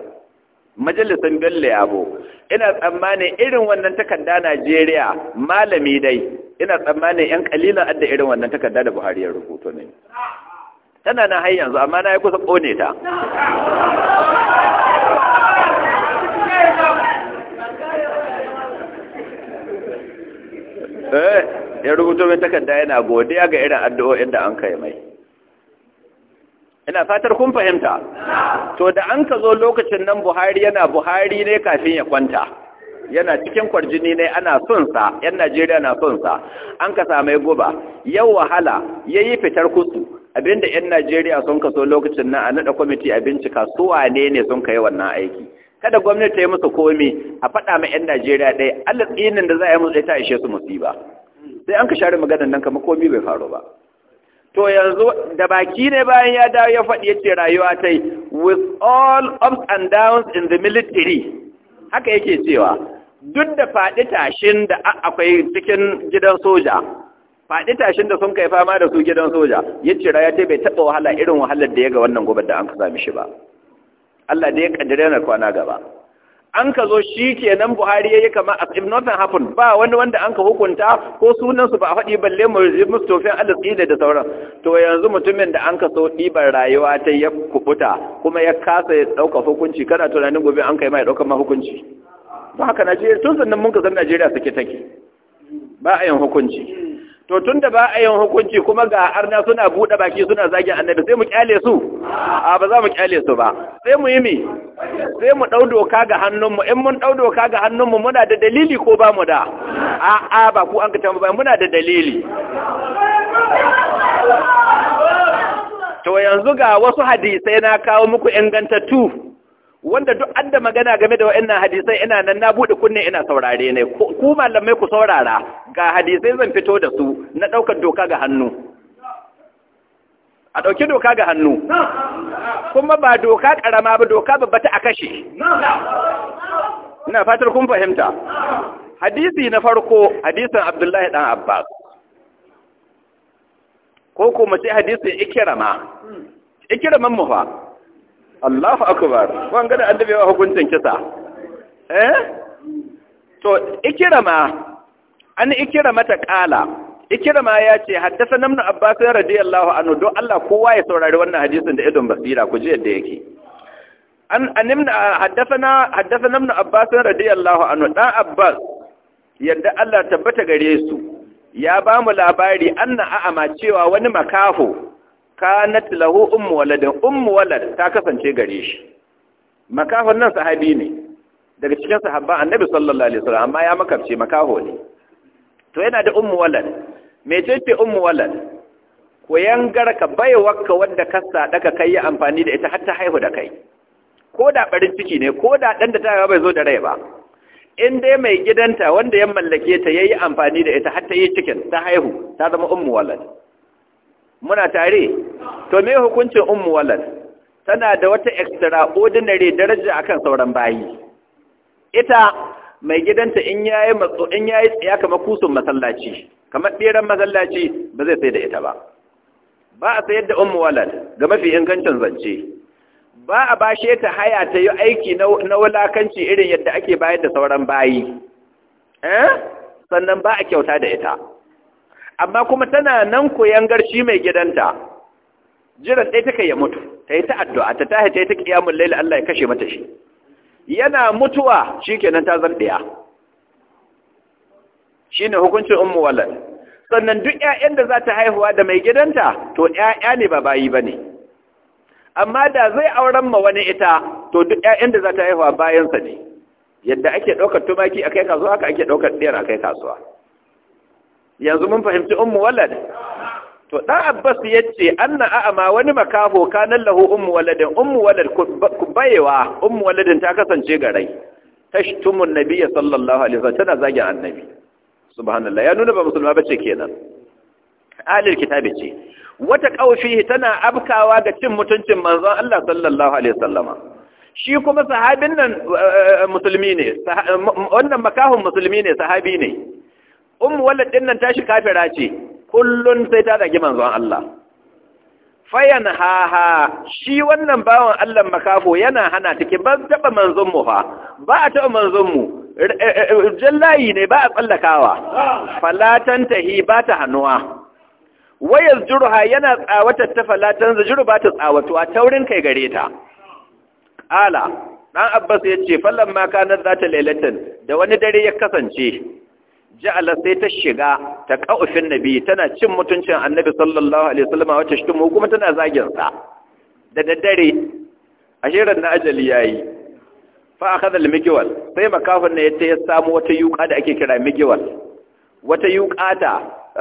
majalisar bello yabo ina tsammanin irin wannan takarda najeriya malami dai ina tsammanin yan kalilan adda irin wannan takarda da buhari ya rubuto ne tana na har yanzu amma na yi kusa kone ta eh, ya rubuto mai takarda yana godiya ga irin addu'o'in da an kai mai ina fatar kun fahimta to da an ka zo lokacin nan buhari yana buhari ne kafin ya kwanta yana cikin kwarjini ne ana son sa yan najeriya na son sa an ka samai guba yau wahala yayi fitar kusu abinda yan najeriya sun kaso lokacin nan a nada kwamiti a bincika su wane ne sun kai wannan aiki kada gwamnati ta yi musu komi a faɗa ma yan najeriya ɗaya allah da za a yi musu ta ishe su musiba sai an ka share maganar nan kama komi bai faru ba to yanzu da baki ne bayan ya dawo ya faɗi yace rayuwa ta yi with all ups and downs in the military haka yake cewa duk da faɗi tashin da akwai cikin gidan soja faɗi tashin da sun kai fama da su gidan soja yace rayuwa ta bai taɓa wahala irin wahalar da ya ga wannan gobe da an kasa sami shi ba Allah da ya kaddare na kwana gaba an ka zo shi ke nan buhari ya yi kama as if nothing happened ba wani wanda an ka hukunta ko sunansu ba a faɗi balle mu yi musu tofin alasida da sauran to yanzu mutumin da an ka so ɗiban rayuwa ta ya kubuta kuma ya kasa ya ɗauka hukunci kana tunanin gobe an kai ma ya ɗauka ma hukunci ba haka najeriya tun sannan mun ka san najeriya suke take ba a yin hukunci to tun da ba a yin hukunci kuma ga arna suna buɗe baki suna zagin annabi sai mu kyale su a ba za mu kyale su ba sai mu yi mi sai mu ɗau doka ga hannunmu in mun ɗau doka ga hannunmu muna da dalili ko ba mu da a a ba ku an mu ba muna da dalili to yanzu ga wasu hadisai na kawo muku ingantattu wanda duk an da magana game da wa'annan hadisai ina nan na buɗe kunne ina saurare ne ku malamai ku saurara ga hadisai zan fito da su na ɗaukar doka ga hannu a ɗauki doka ga hannu kuma ba doka ƙarama ba doka babba ta a kashe ina fatar kun fahimta hadisi na farko hadisin abdullahi ɗan abbas ko kuma sai hadisin ikirama ikiraman mu fa Allah akubar wan ga da annabi ya hukuncin kisa eh to ikirama, an ikirama ta kala ikirama ya ce haddasa namnu abbas radiyallahu anhu don Allah kowa ya saurari wannan hadisin da idon basira ku ji yadda yake an haddasa haddathana haddathana ibn abbas radiyallahu anhu dan abbas yadda Allah tabbata gare su ya ba mu labari anna a'ama cewa wani makaho kanat lahu ummu waladin ummu walad ta kasance gare shi makahon nan sahabi ne daga cikin sahabban annabi sallallahu alaihi wasallam amma ya makafce makaho ne to yana da ummu walad ce ummu walad koyan garka baiwarka wanda ka ka kai ya amfani da ita har ta haihu da kai ko da barin ciki ne ko da dan da ta bai zo da rai ba in dai mai gidanta wanda ya mallake ta yayi amfani da ita har ta yi cikin ta haihu ta zama ummu walad muna tare to me hukuncin ummu walad tana da wata extraordinary daraja akan sauran bayi ita mai gidanta in yayi matso in yayi tsaya kamar kusun masallaci kamar ɗeran masallaci ba zai sai da ita ba ba a sayar da ummu walad ga mafi ingancin zance ba a bashe ta haya ta yi aiki na wulakanci irin yadda ake bayar da sauran bayi eh sannan ba a kyauta da ita amma kuma tana nan koyan garshi mai gidanta jiran ɗaya take ya mutu ta yi ta addu'a ta tahi ta yi ta ƙiyamun laila Allah ya kashe mata shi yana mutuwa shi kenan ta zan shi ne hukuncin ummu walad sannan duk ‘ya'yan da za ta haihuwa da mai gidanta to ‘ya'ya ne ba bayi ba ne amma da zai auren ma wani ita to duk ‘ya'yan da za ta haihuwa bayansa ne yadda ake ɗaukar tumaki a kai kasuwa haka ake ɗaukar ɗiyar a kai kasuwa yanzu mun fahimci ummu walad to dan abbas yace anna ma wani makaho kanan lahu ummu waladin ummu walad kubayewa ummu waladin ta kasance garai tashtumun nabiyya sallallahu alaihi wasallam tana zagin annabi subhanallah ya nuna ba musulma bace kenan alil kitabi ce wata kaufihi tana abkawa ga cin mutuncin manzon Allah sallallahu alaihi wasallama shi kuma sahabin nan eh, eh, musulmi ne wannan makahon musulmi ne sahabi ne ummu walad din nan tashi kafira ce kullum sai ta zagi manzon Allah fayan ha shi wannan bawan Allah makafo yana hana take ban taba manzon mu fa ba a taba manzon mu eh, eh, eh, jallayi ne ba a tsallakawa falatan tahi ba ta hannuwa wayar juruha yana tsawatar ta falatan zajuru ba ta tsawatuwa taurin kai gare ta ala ɗan abbas ya ce fallon maka na za ta da wani dare ya kasance ja'ala sai ta shiga ta kaufin nabi tana cin mutuncin annabi sallallahu alaihi wasallam Wata shi kuma tana zagin sa da daddare a shirin na ajali yayi fa akhadha al-mikwal sai makafin ne yace ya samu wata yuka da ake kira mikwal wata yuka ta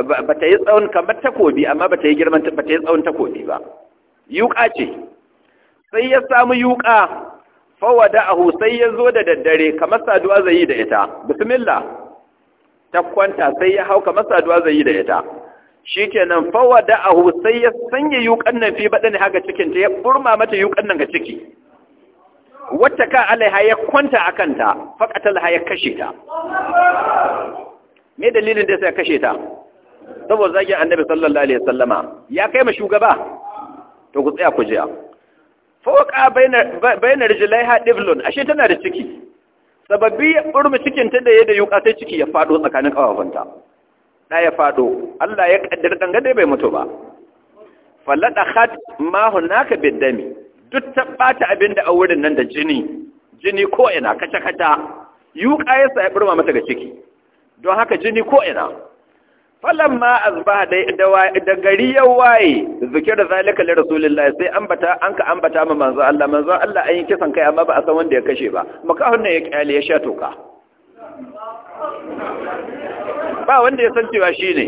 bata yi tsawon kamar takobi amma bata yi girman bata yi tsawon takobi ba yuka ce sai ya samu yuka fa wada'ahu sai ya zo da daddare kamar saduwa zai yi da ita bismillah ta kwanta sai ya hauka masa addu'a zai yi da ita shikenan fawada ahu sai ya sanya yukan nan fi ne haka cikin ta ya burma mata yukan nan ga ciki wata ka alaiha ya kwanta akan ta faqatal ha ya kashe ta me dalilin da sai kashe ta saboda zagin annabi sallallahu alaihi wasallama ya kai ma shugaba to ku tsaya ku jiya fawqa bainar bainar jilaiha divlun ashe tana da ciki sababbi ya burmi cikinta da ya da yuka sai ciki ya faɗo tsakanin kafafunta da ya fado Allah ya ƙaddar dangane bai mutu ba falada khat ma hunaka biddami duk ta ɓata abinda a wurin nan da jini jini ko ina kaca kaca yuka ya sa ya burma mata ga ciki don haka jini ko ina falamma azbaha da gari ya waye zikir zalika li rasulillahi sai ambata an ka ambata ma manzo Allah manzo Allah an yi kisan kai amma ba a san wanda ya kashe ba makahun ne ya kyale ya sha toka ba wanda ya san cewa shi ne.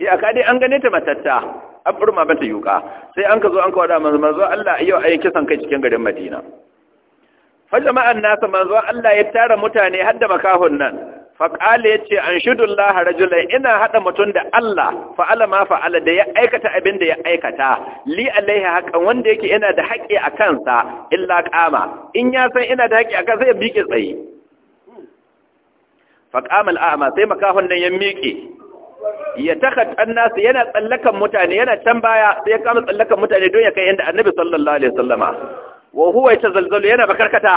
ya ka dai an gane ta matatta an burma mata yuka sai an ka zo an ka wada manzo manzo Allah yau an yi kisan kai cikin garin Madina fa jama'an nasa manzo Allah ya tara mutane har da makahun nan faƙali ya ce an shudun lahara julai ina haɗa mutum da Allah fa'ala ma fa'ala da ya aikata abin da ya aikata li alaihi haƙan wanda yake ina da haƙƙi a kansa illa ƙama in ya san ina da haƙƙi a kansa ya miƙe tsaye faƙamal a'ama sai makahon nan ya miƙe ya taka takattan nasu yana tsallakan mutane yana can baya sai ya kama tsallakan mutane don ya kai yadda annabi sallallahu alaihi wa wasallama wa huwa ya tazalzalu yana bakarkata ta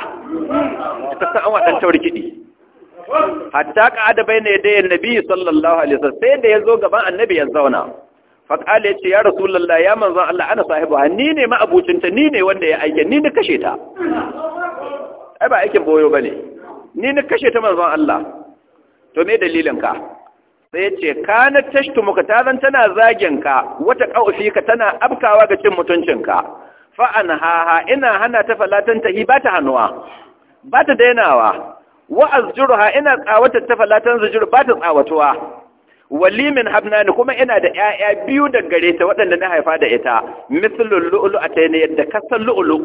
san an waɗanta rikidi hatta qa'ada bayna yaday biyu sallallahu alaihi wasallam sai da yazo gaban annabi ya zauna fa qala ce ya rasulullah ya manzon Allah ana sahibu ni ne ma abucinta ni ne wanda ya aike ni na kashe ta ai ba aikin boyo bane ni ne kashe ta manzon Allah to me dalilin ka sai ya yace kana tashtu muka zan tana zagin ka wata kaufi ka tana abkawa ga cin mutuncinka fa ha ina hana ta falatanta hi ba ta hanuwa ba ta dainawa wa'az jurha ina tsawata ta falatan zujur ba ta tsawatuwa wali min habnani kuma ina da 'ya'ya biyu da gare ta waɗanda na haifa da ita mislul lu'lu ataina yadda kasal lu'lu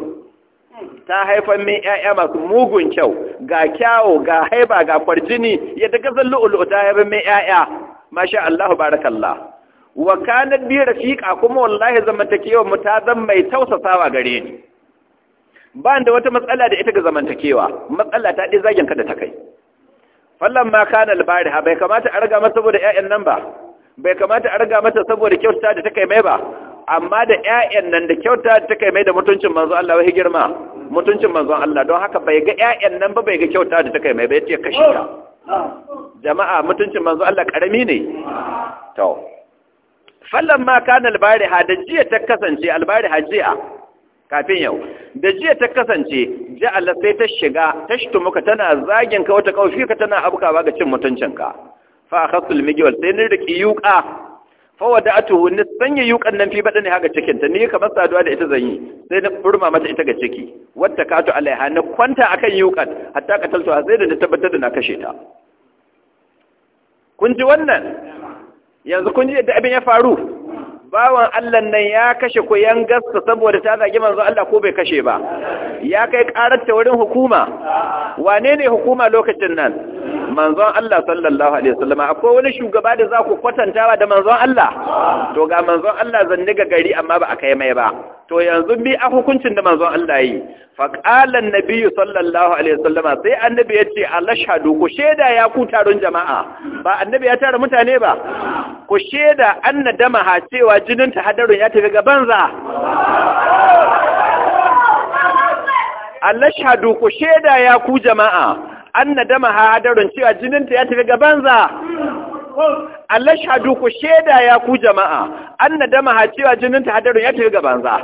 ta haifar min 'ya'ya masu mugun kyau ga kyawo ga haiba ga kwarjini yadda kasal lu'lu ta haifar min 'ya'ya. masha Allah barakallah wa kanat bi rafiqa kuma wallahi zamantakewa mu ta mai tausasawa gare ni ba da wata matsala da ita ga zamantakewa matsala ta ɗi zagin kada ta kai fallon ma kana albariha bai kamata a raga mata saboda 'ya'yan nan ba bai kamata a raga mata saboda kyauta da ta kai mai ba amma da 'ya'yan nan da kyauta da ta kai mai da mutuncin manzo Allah wahi girma mutuncin manzo Allah don haka bai ga 'ya'yan nan ba bai ga kyauta da ta kai mai ba ce kashi ta jama'a mutuncin manzo Allah karami ne to fallon ma kana albariha da jiya ta kasance albariha jiya kafin yau da jiya ta kasance ja'ala sai ta shiga ta tashtumuka tana zagin ka wata kaushi ka tana abuka ga cin mutuncinka fa akhasul migwal sai ni riki yuqa fa wada'atuhu ni sanya yuqan nan fi badani haka cikin ta ni kamar saduwa da ita zanyi sai na furma mata ita ga ciki wata katu alaiha na kwanta akan yuqan hatta a sai da na tabbatar da na kashe ta kun ji wannan yanzu kun ji yadda abin ya faru bawan Allah nan ya kashe koyan gasta saboda ta zagi manzo Allah ko bai kashe ba ya kai karar wurin hukuma wane ne hukuma lokacin nan manzon Allah sallallahu alaihi wasallam akwai wani shugaba da za ku kwatantawa da manzon Allah to ga manzon Allah zanne ga gari amma ba a kai mai ba to yanzu bi a hukuncin da manzon Allah yi fa qala an sallallahu alaihi wasallam sai annabi yace alashhadu ku sheda ya ku taron jama'a ba annabi ya tara mutane ba ku sheda an nadama ha cewa jinin ta ya tafi Allah shahadu ku sheda ya ku jama'a anna hadarun cewa jinin ta ya tafi gabanza. Allah shahadu ku sheda ya ku jama'a ha cewa jinin ya tafi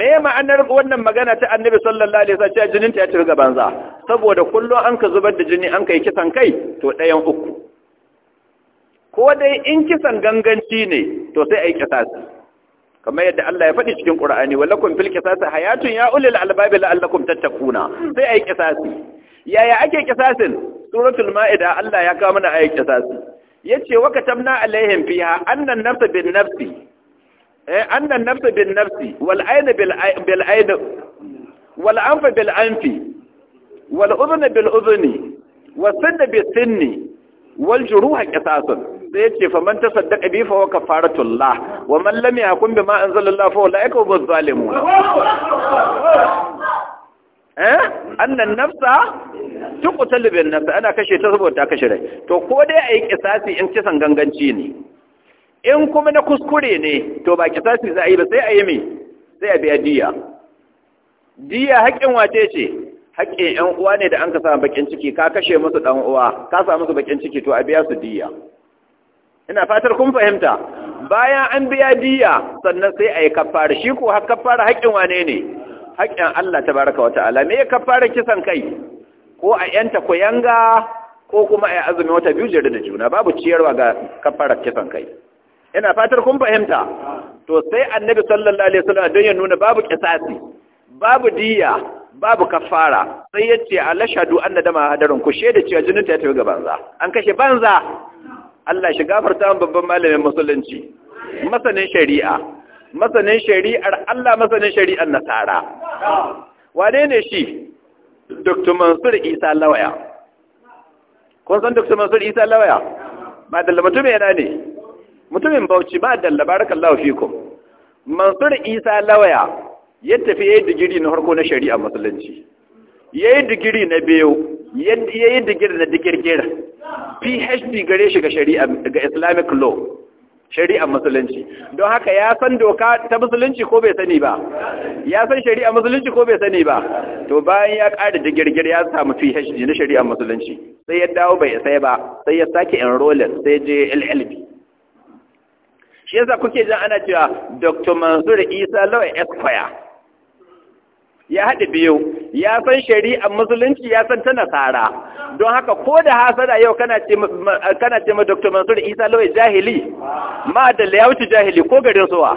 me ma'anar wannan magana ta annabi sallallahu alaihi wasallam jinin ta ya tafi gabanza? saboda kullum an ka zubar da jini an kai kisan kai to ɗayan uku ko dai in kisan ganganci ne to sai a yi kisasi kamar yadda Allah ya faɗi cikin Qur'ani wallakum fil qisasi hayatun ya ulil albab la'allakum tattaquna sai a yi kisasi yaya ake kisasin suratul maida Allah ya kawo mana ayi kisasi yace wa katamna alaihim fiha annan nafsa bin nafsi eh annan nafsa bin nafsi wal ayn bil bil ayn wal anf bil anfi wal udhn bil udhni Wa sinni bis sinni wal juruha qisasun sai fa man tasaddaqa bi fa huwa kafaratullah wa man lam yakun bima anzalallahu fa ulaika hum zalimun eh annan nafsa tuqtalu bin nafsa, ana kashe ta saboda ta kashe rai to ko dai ayi kisasi in kisan ganganci ne in kuma na kuskure ne to ba kisasi za a yi ba sai a yi me sai a biya diya diya haƙƙin wace ce haƙƙin ƴan uwa ne da an ka samu bakin ciki ka kashe musu ɗan uwa ka samu musu bakin ciki to a biya su diya ina fatar kun fahimta bayan an biya diya sannan sai a yi kafara shi ko har kafara haƙƙin wane ne haƙƙin Allah tabaraka wata'ala me ya kafara kisan kai ko a yanta yanga, ko kuma a yi azumin wata biyu jere da juna babu ciyarwa ga kafara kisan kai ina fatar kun fahimta to sai annabi sallallahu alaihi wasallam don ya nuna babu kisasi babu diya babu kafara sai ya ce alashadu annadama da hadarin ku shaida cewa jinin ta tafi ga banza an kashe banza Allah shi gafarta babban malamin musulunci masanin shari'a masanin shari'ar Allah masanin shari'ar nasara wane ne shi Dr. Mansur Isa Lawaya kun san Dr. Mansur Isa Lawaya ba dalla mutumin yana ne mutumin Bauchi ba dalla barakallahu fikum Mansur Isa Lawaya ya tafi yayin digiri na harko na shari'a musulunci ya yi digiri na biyu ya yi digiri na digirgira phd gare shi ga shari'a ga islamic law shari'a musulunci don haka ya san doka ta musulunci ko bai sani ba ya san shari'a musulunci ko bai sani ba to bayan ya ƙara digirgir ya samu phd na shari'a musulunci sai ya dawo bai sai ba sai ya sake enrolling sai je llb shi yasa kuke jan ana cewa dr mansur isa lawyer esquire ya haɗe biyu ya san shari'ar musulunci ya san ta nasara don haka ko da hasada yau kana ce ma dr mansur isa lawai jahili ma da layauci jahili ko garin suwa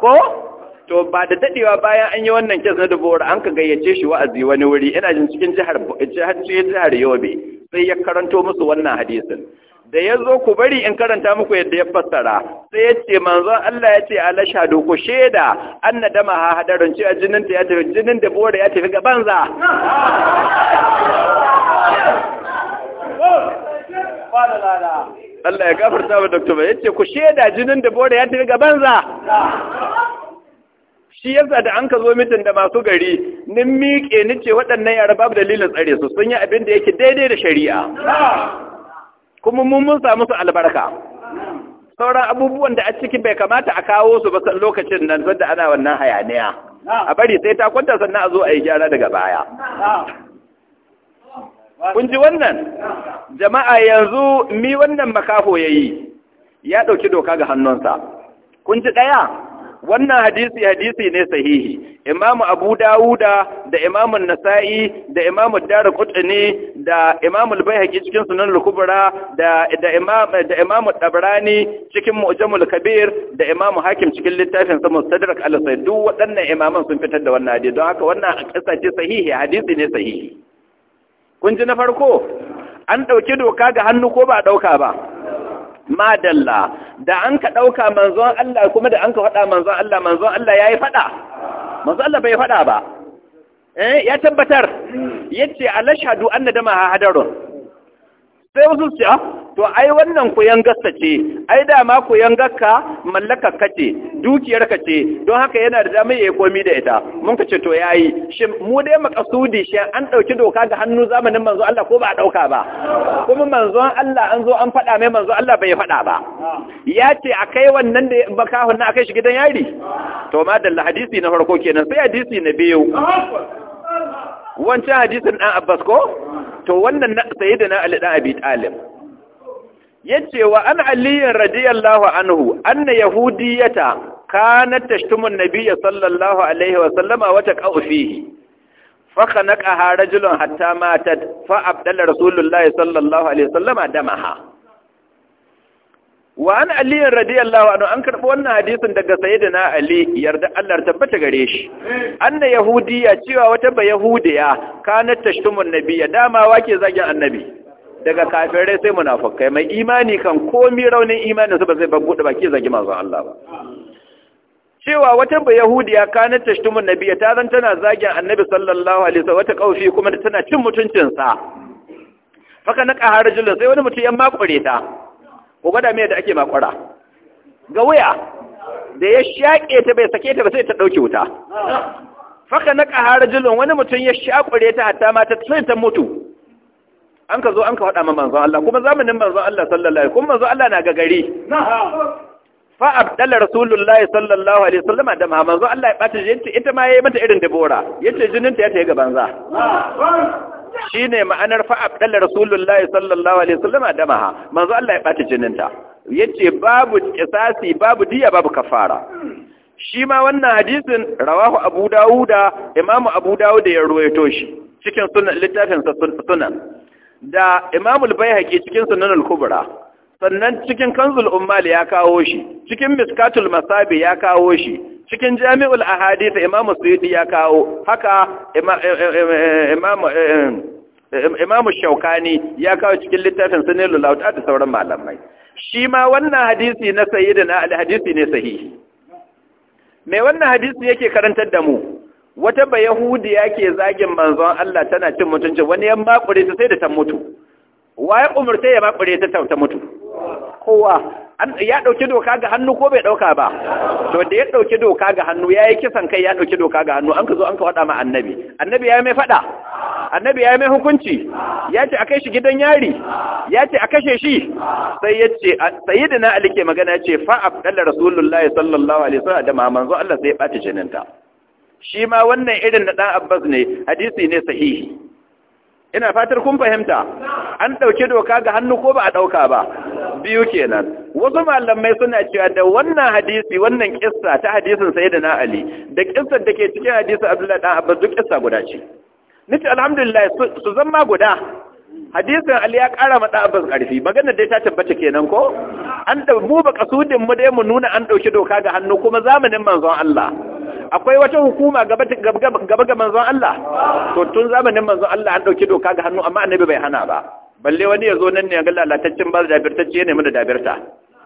ko to ba da daɗewa bayan an yi wannan kes na dubuwar an ka gayyace shi wa'azi wani wuri ina jin cikin jihar yobe sai ya karanto musu wannan hadisin da ya zo ku bari in karanta muku yadda ya fassara sai ya ce manzon Allah ya ce ala shahadu ku sheda an na dama ha hadarin ci a jinin ta ya tafi jinin da bore ya tafi ga banza Allah ya gafarta wa ba ya ce ku sheda jinin da bore ya tafi ga banza shi yasa da an ka zo mitin da masu gari nin miƙe ni ce waɗannan yara babu dalilin tsare su sun yi abin da yake daidai da shari'a kuma mun mun samu su albarka sauran abubuwan da a cikin bai kamata a kawo su ba san lokacin nan sanda ana wannan hayaniya a bari sai ta kwanta sannan a zo a yi gyara daga baya kun ji wannan jama'a yanzu mi wannan ya yi. ya ɗauki doka ga hannunsa kun ji ɗaya? wannan hadisi hadisi ne sahihi imamu abu dawuda da imamu nasa'i da imamu dara kutani da imamu albayhaqi cikin sunan lukubura da imam da imamu ɗabrani cikin mu'jamul kabir da imamu hakim cikin littafin sa mustadrak al duk waɗannan imaman sun fitar da wannan hadisi don haka wannan kissa ce sahihi hadisi ne sahihi kun ji na farko an ɗauki doka ga hannu ko ba ɗauka ba madalla da an ka ɗauka manzon Allah kuma da an ka faɗa manzon Allah manzon Allah ya yi faɗa manzon Allah bai faɗa ba eh ya tabbatar hmm. yace alashhadu anna dama hadarun sai wasu su ce ah, to ai wannan kuyan gasta ce ai da dama kuyan gakka mallaka kace dukiyar ka ce don haka yana da damar yayi komi da ita mun kace to yayi shin mu dai makasudi shi an dauki doka ga hannu zamanin manzo Allah ko ba a dauka ba kuma manzo Allah an zo an faɗa mai manzo Allah bai faɗa ba ya ce akai wannan da makahun na akai shi gidan yari to ma dalla hadisi na farko kenan sai hadisi na biyu wancan hadisin ɗan abbas ko to wannan na sayi da na ali dan abi Talib yace wa an aliyin radiyallahu anhu anna yahudiyata kanat tashtumun nabiyya sallallahu alaihi wa sallama wa taqau fihi fa khanaqaha rajulun hatta matat fa abdala rasulullahi sallallahu alaihi wa sallama damaha wa an aliyin radiyallahu anhu an karɓi wannan hadisin daga sayyidina ali yarda Allah tabbata gare shi anna yahudiya cewa wata ba yahudiya kanat tashtumun nabiyya dama wake zagin annabi daga kafirai sai munafukai mai imani kan komi raunin imanin su ba zai babbuɗe baki zagi mazan Allah ba cewa wata ba yahudiya kanar tashtumun nabiya ta zan tana zagin annabi sallallahu alaihi wasallam wata kaufi kuma tana cin mutuncinsa. haka na kahar julin sai wani mutum ya makure ta ko gwada mai da ake makwara ga wuya da ya shaƙe ta bai sake ta ba sai ta ɗauki wuta faka na kahar julin wani mutum ya shaƙure ta hatta ma ta sai mutu an ka zo an ka faɗa ma manzon Allah kuma zamanin manzon Allah sallallahu alaihi kuma manzon Allah na gagari fa abdalla rasulullahi sallallahu alaihi wasallama da ma manzon Allah ya bata jinta ita ma yayi mata irin dabora yace jininta ya tayi gaban za shine ma'anar fa abdalla rasulullahi sallallahu alaihi wasallama da ma manzon Allah ya bata jininta yace babu kisasi babu diya babu kafara shi ma wannan hadisin rawahu abu dawuda imamu abu dawuda ya ruwaito shi cikin sunan littafin sunan da imamul bayhaqi cikin sunan al-kubra sannan cikin kanzul ummal ya kawo shi cikin miskatul masabi ya kawo shi cikin jami'ul ahadith imamu suyuti ya kawo haka eh, eh, eh, imamu shaukani ya kawo cikin littafin sunan lauta da sauran malamai shi ma wannan hadisi na sayyidina al hadisi ne sahihi me wannan hadisi yake karantar da mu wata ba yahudiya ke zagin manzon Allah tana cin mutunci wani yan makure ta sai da ta mutu waye umurta ya makure ta ta mutu kowa ya dauki doka ga hannu ko bai dauka ba to da ya dauki doka ga hannu yayi kisan kai ya dauki doka ga hannu an ka zo an ka wada ma annabi annabi yayi mai fada annabi ya mai hukunci ya ce a kai shi gidan yari ya ce a kashe shi sai ya ce sayidina ali ke magana ya ce fa'ab dalla rasulullahi sallallahu alaihi wasallam da manzo Allah sai ya bata jininta shi ma wannan irin na ɗan abbas ne hadisi ne sahihi ina fatar kun fahimta an ɗauki doka ga hannu ko ba a ɗauka ba biyu kenan wasu malamai suna cewa da wannan hadisi wannan kissa ta hadisin sayyidina ali da kissar da ke cikin hadisin abdullahi dan abbas duk kissa guda ce nace alhamdulillah su zama guda hadisin ali ya ƙara ma dan abbas ƙarfi magana dai ta tabbata kenan ko an da mu ba kasudin mu dai mu nuna an ɗauki doka ga hannu kuma zamanin manzon Allah akwai wata hukuma gaba ga manzon Allah to tun zamanin manzon Allah an dauki doka ga hannu amma annabi bai hana ba balle wani yazo nan ne ga lalataccen ba dabirtacce ne mu da dabirta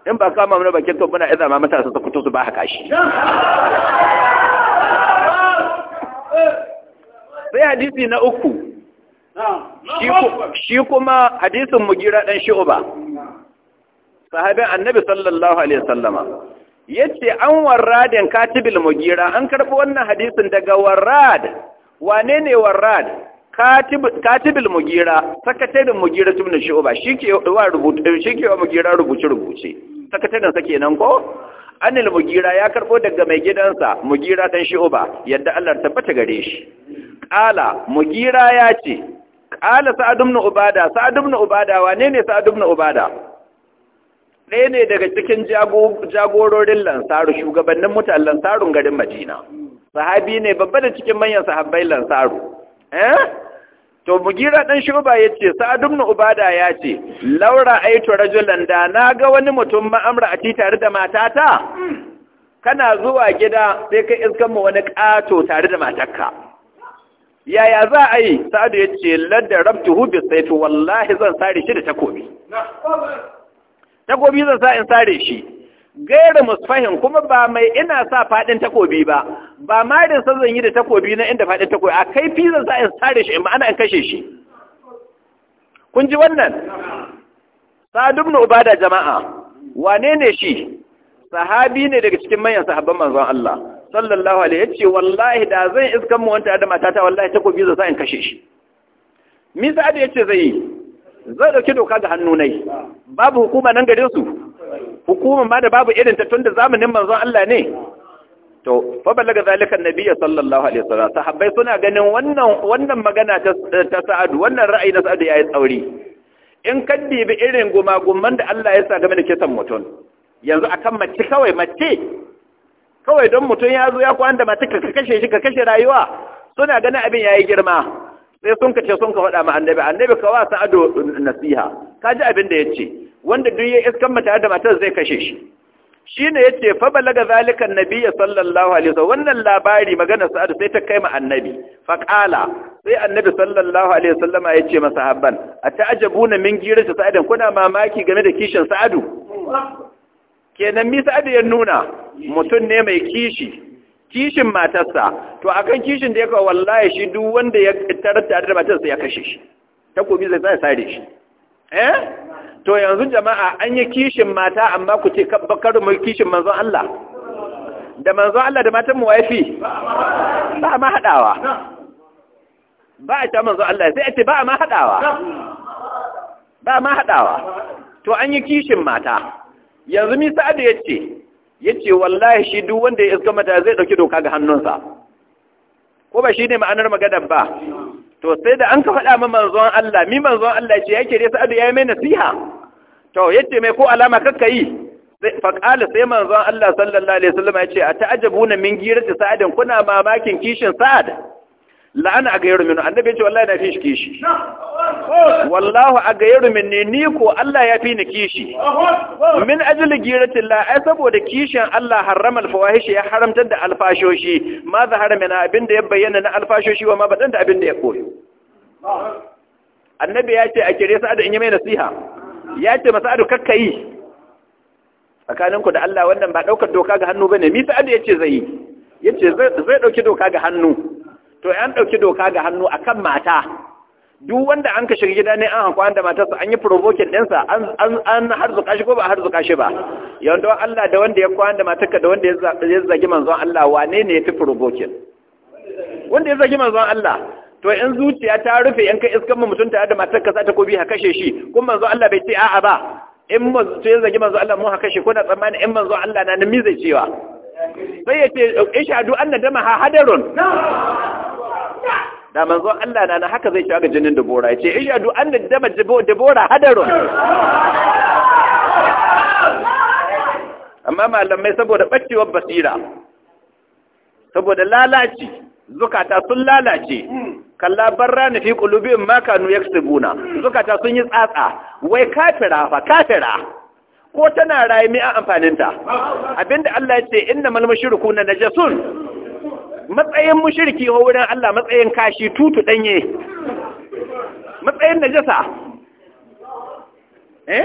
in ba kama mana bakin to muna iza ma matasa su fito su ba haka shi sai hadisi na uku shi kuma hadisin mugira dan shi'uba sahabin annabi sallallahu alaihi wasallama yace an warradin katibil mugira an karbi wannan hadisin daga warrad wane ne warrad katibil mugira sakatarin mugira tun shuba shike wa rubutu shike wa mugira rubuce rubuce sakatarin sa kenan ko anil mugira ya karbo daga mai gidansa mugira dan shuba yadda Allah ta tabbata gare shi qala mugira yace qala sa'ad ibn ubada sa'ad ibn ubada wane ne sa'ad ibn ubada ɗaya ne daga cikin jagororin lansaru shugabannin mutan lansarun garin madina sahabi ne babba da cikin manyan sahabbai lansaru eh? to mugira ɗan shuba yace sa'ad ibn ubada yace laura aitu rajulan da na ga wani mutum ma'amra ti tare da matata kana zuwa gida sai kai iskan mu wani ƙato tare da matakka. yaya za a yi ya yace ladda rabtuhu bisaitu wallahi zan sare shi da takobi takobi zan sa in sare shi gaira musfahin kuma ba mai ina sa fadin takobi ba ba marin sa zan yi da takobi na inda fadin takobi a kai fi zan sa in sare shi in ma'ana in kashe shi kun ji wannan sadu na ubada jama'a wane ne shi sahabi ne daga cikin manyan sahabban manzon Allah sallallahu alaihi yace wallahi da zan iskan mu da matata wallahi takobi zan sa in kashe shi Misa da yace zai yi zai dauki doka ga hannu nai babu hukuma nan gare su hukuma ma da babu irin ta tun da zamanin manzon Allah ne to fa balaga zalika annabiyyi sallallahu alaihi wasallam sahabbai suna ganin wannan wannan magana ta ta wannan ra'ayi na Sa'ad yayi tsauri in kaddi bi irin gumman da Allah ya sa game da kisan mutum yanzu akan mace kawai mace kawai don mutum ya zo ya kwanda mace ka kashe shi ka kashe rayuwa suna ganin abin yayi girma sai sun ka ce sun ka faɗa ma annabi annabi ka wa sa'ado nasiha ka ji abin da ya ce wanda duk ya iskan mata da matar zai kashe shi shi ne ya ce fabalaga zalikan nabiya sallallahu alaihi wasallam wannan labari magana sa'adu sai ta kai ma annabi faqala sai annabi sallallahu alaihi wasallam ya ce masa habban ata'ajabuna min girati sa'adin kuna mamaki game da kishin sa'adu kenan mi sa'adu ya nuna mutum ne mai kishi kishin matarsa to akan kishin da ya kawo wallahi shi duk wanda ya tarar tare da matarsa ya kashe shi takobi zai sa sare shi eh to yanzu jama'a an yi kishin mata amma ku ce kabbakar mu kishin manzon Allah da manzon Allah da matan mu waifi ba ma hadawa ba a ta manzon Allah sai a ce ba ma hadawa ba ma hadawa to an yi kishin mata yanzu mi sa'adu yace yace wallahi shi duk wanda ya iska mata zai ɗauki doka ga hannunsa ko ba shine ma'anar maganar ba to sai da an ka faɗa min manzon Allah mi manzon Allah ce yake dai sa'adu yayi mai nasiha to yace mai ko alama kakka yi fa qala sai manzon Allah sallallahu alaihi wasallam yace ata'ajabuna min girati sa'adin kuna mamakin kishin sa'ad la'ana a gairu minu annabi ce wallahi na fi shi kishi wallahu a gairu minni ni ko Allah ya fi ni kishi min ajli giratin la ai saboda kishin Allah harrama alfawahishi ya haramtar da alfashoshi ma zahara min na abinda ya bayyana na alfashoshi wa ma badan da abinda ya koyo annabi ya ce a kire sa'ad in yi mai nasiha ya ce masa'adu kakkayi tsakaninku da Allah wannan ba daukar doka ga hannu bane mi sa'ad ya ce zai yi zai dauki doka ga hannu to an ɗauki doka ga hannu akan mata duk wanda an ka shiga gida ne an hankwa da matarsa an yi provoking ɗinsa an harzuka shi ko ba harzuka shi ba yawan don Allah da wanda ya kwan da matarka da wanda ya zagi manzon Allah wane ne ya fi provoking wanda ya zagi manzon Allah to in zuciya ta rufe in kai iskan mutum ta da matarka za ta bi ha kashe shi kuma manzon Allah bai ce a'a ba in manzo ya zagi manzon Allah mu ha kashe ko na tsammani in manzon Allah na nami mizai cewa sai ya ce ishadu an na dama hadarun da manzon Allah na haka zai shaga jinin dabora ya ce ishadu an na dama dabora hadarun amma malamai saboda ɓacewar basira saboda lalaci zukata sun lalace kalla barra na fi maka makanu ya zukata sun yi tsatsa wai kafira fa kafira ko tana raye mai a amfaninta abinda Allah ya ce inna mal mushriku na najasun matsayin mushriki ho wurin Allah matsayin kashi tutu danye matsayin najasa eh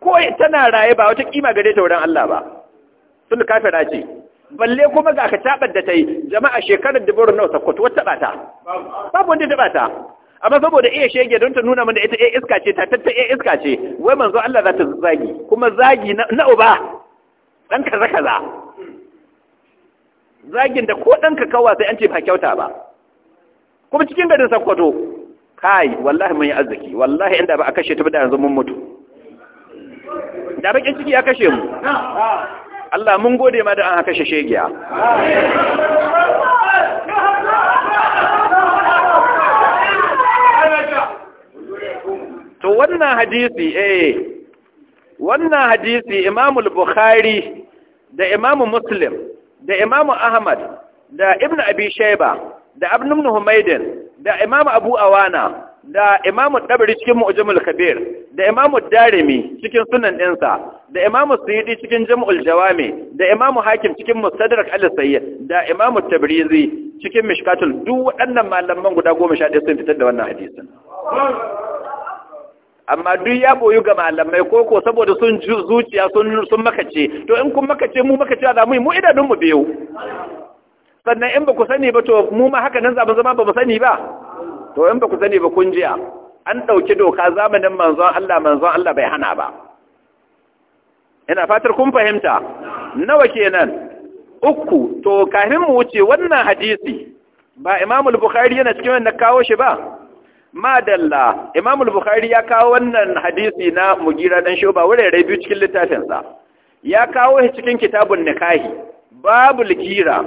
ko tana raye ba wata kima gare ta wurin Allah ba sun kafira ce balle kuma ga ka tabar da ta yi jama'a shekarar dubur nawa sakkwato wata ta babu wanda ta amma saboda iya shege don ta nuna mana ita iya iska ce ta tatta iya iska ce wai manzo Allah za ta zagi kuma zagi na uba dan kaza kaza zagin da ko ɗanka kawa sai an ce ba kyauta ba kuma cikin garin sakkwato kai wallahi mun yi arziki wallahi inda ba a kashe ta ba da yanzu mun mutu da bakin ciki ya kashe mu Allah mun gode ma da an kashe shegiya to wannan hadisi eh wannan hadisi imamul bukhari da imamu muslim da imamu ahmad da ibn abi shaiba da ibn humaydin da imamu abu awana da imamu cikin mu'jamul kabir da imamu darimi cikin sunan ɗinsa da imamu suyidi cikin jam'ul jawami da imamu hakim cikin mustadrak al-sayyid da imamu tabrizi cikin mishkatul duk waɗannan malaman guda goma sha ɗaya sun fitar da wannan hadisin amma duk ya boyu ga malamai ko ko saboda sun zuciya sun sun makace to in kun makace mu makace za mu yi mu idanun mu biyu sannan in ba ku sani ba to mu ma haka nan zama zama ba mu sani ba to in ba ku sani ba kun jiya an ɗauki doka zamanin manzon Allah manzon Allah bai hana ba ina fatar kun fahimta nawa kenan uku to kafin mu wuce wannan hadisi ba imamul bukhari yana cikin wannan kawo shi ba madalla imam bukhari ya kawo wannan hadisi na mugira dan shoba wurare biyu cikin littafinsa ya kawo shi cikin kitabun nikahi babul gira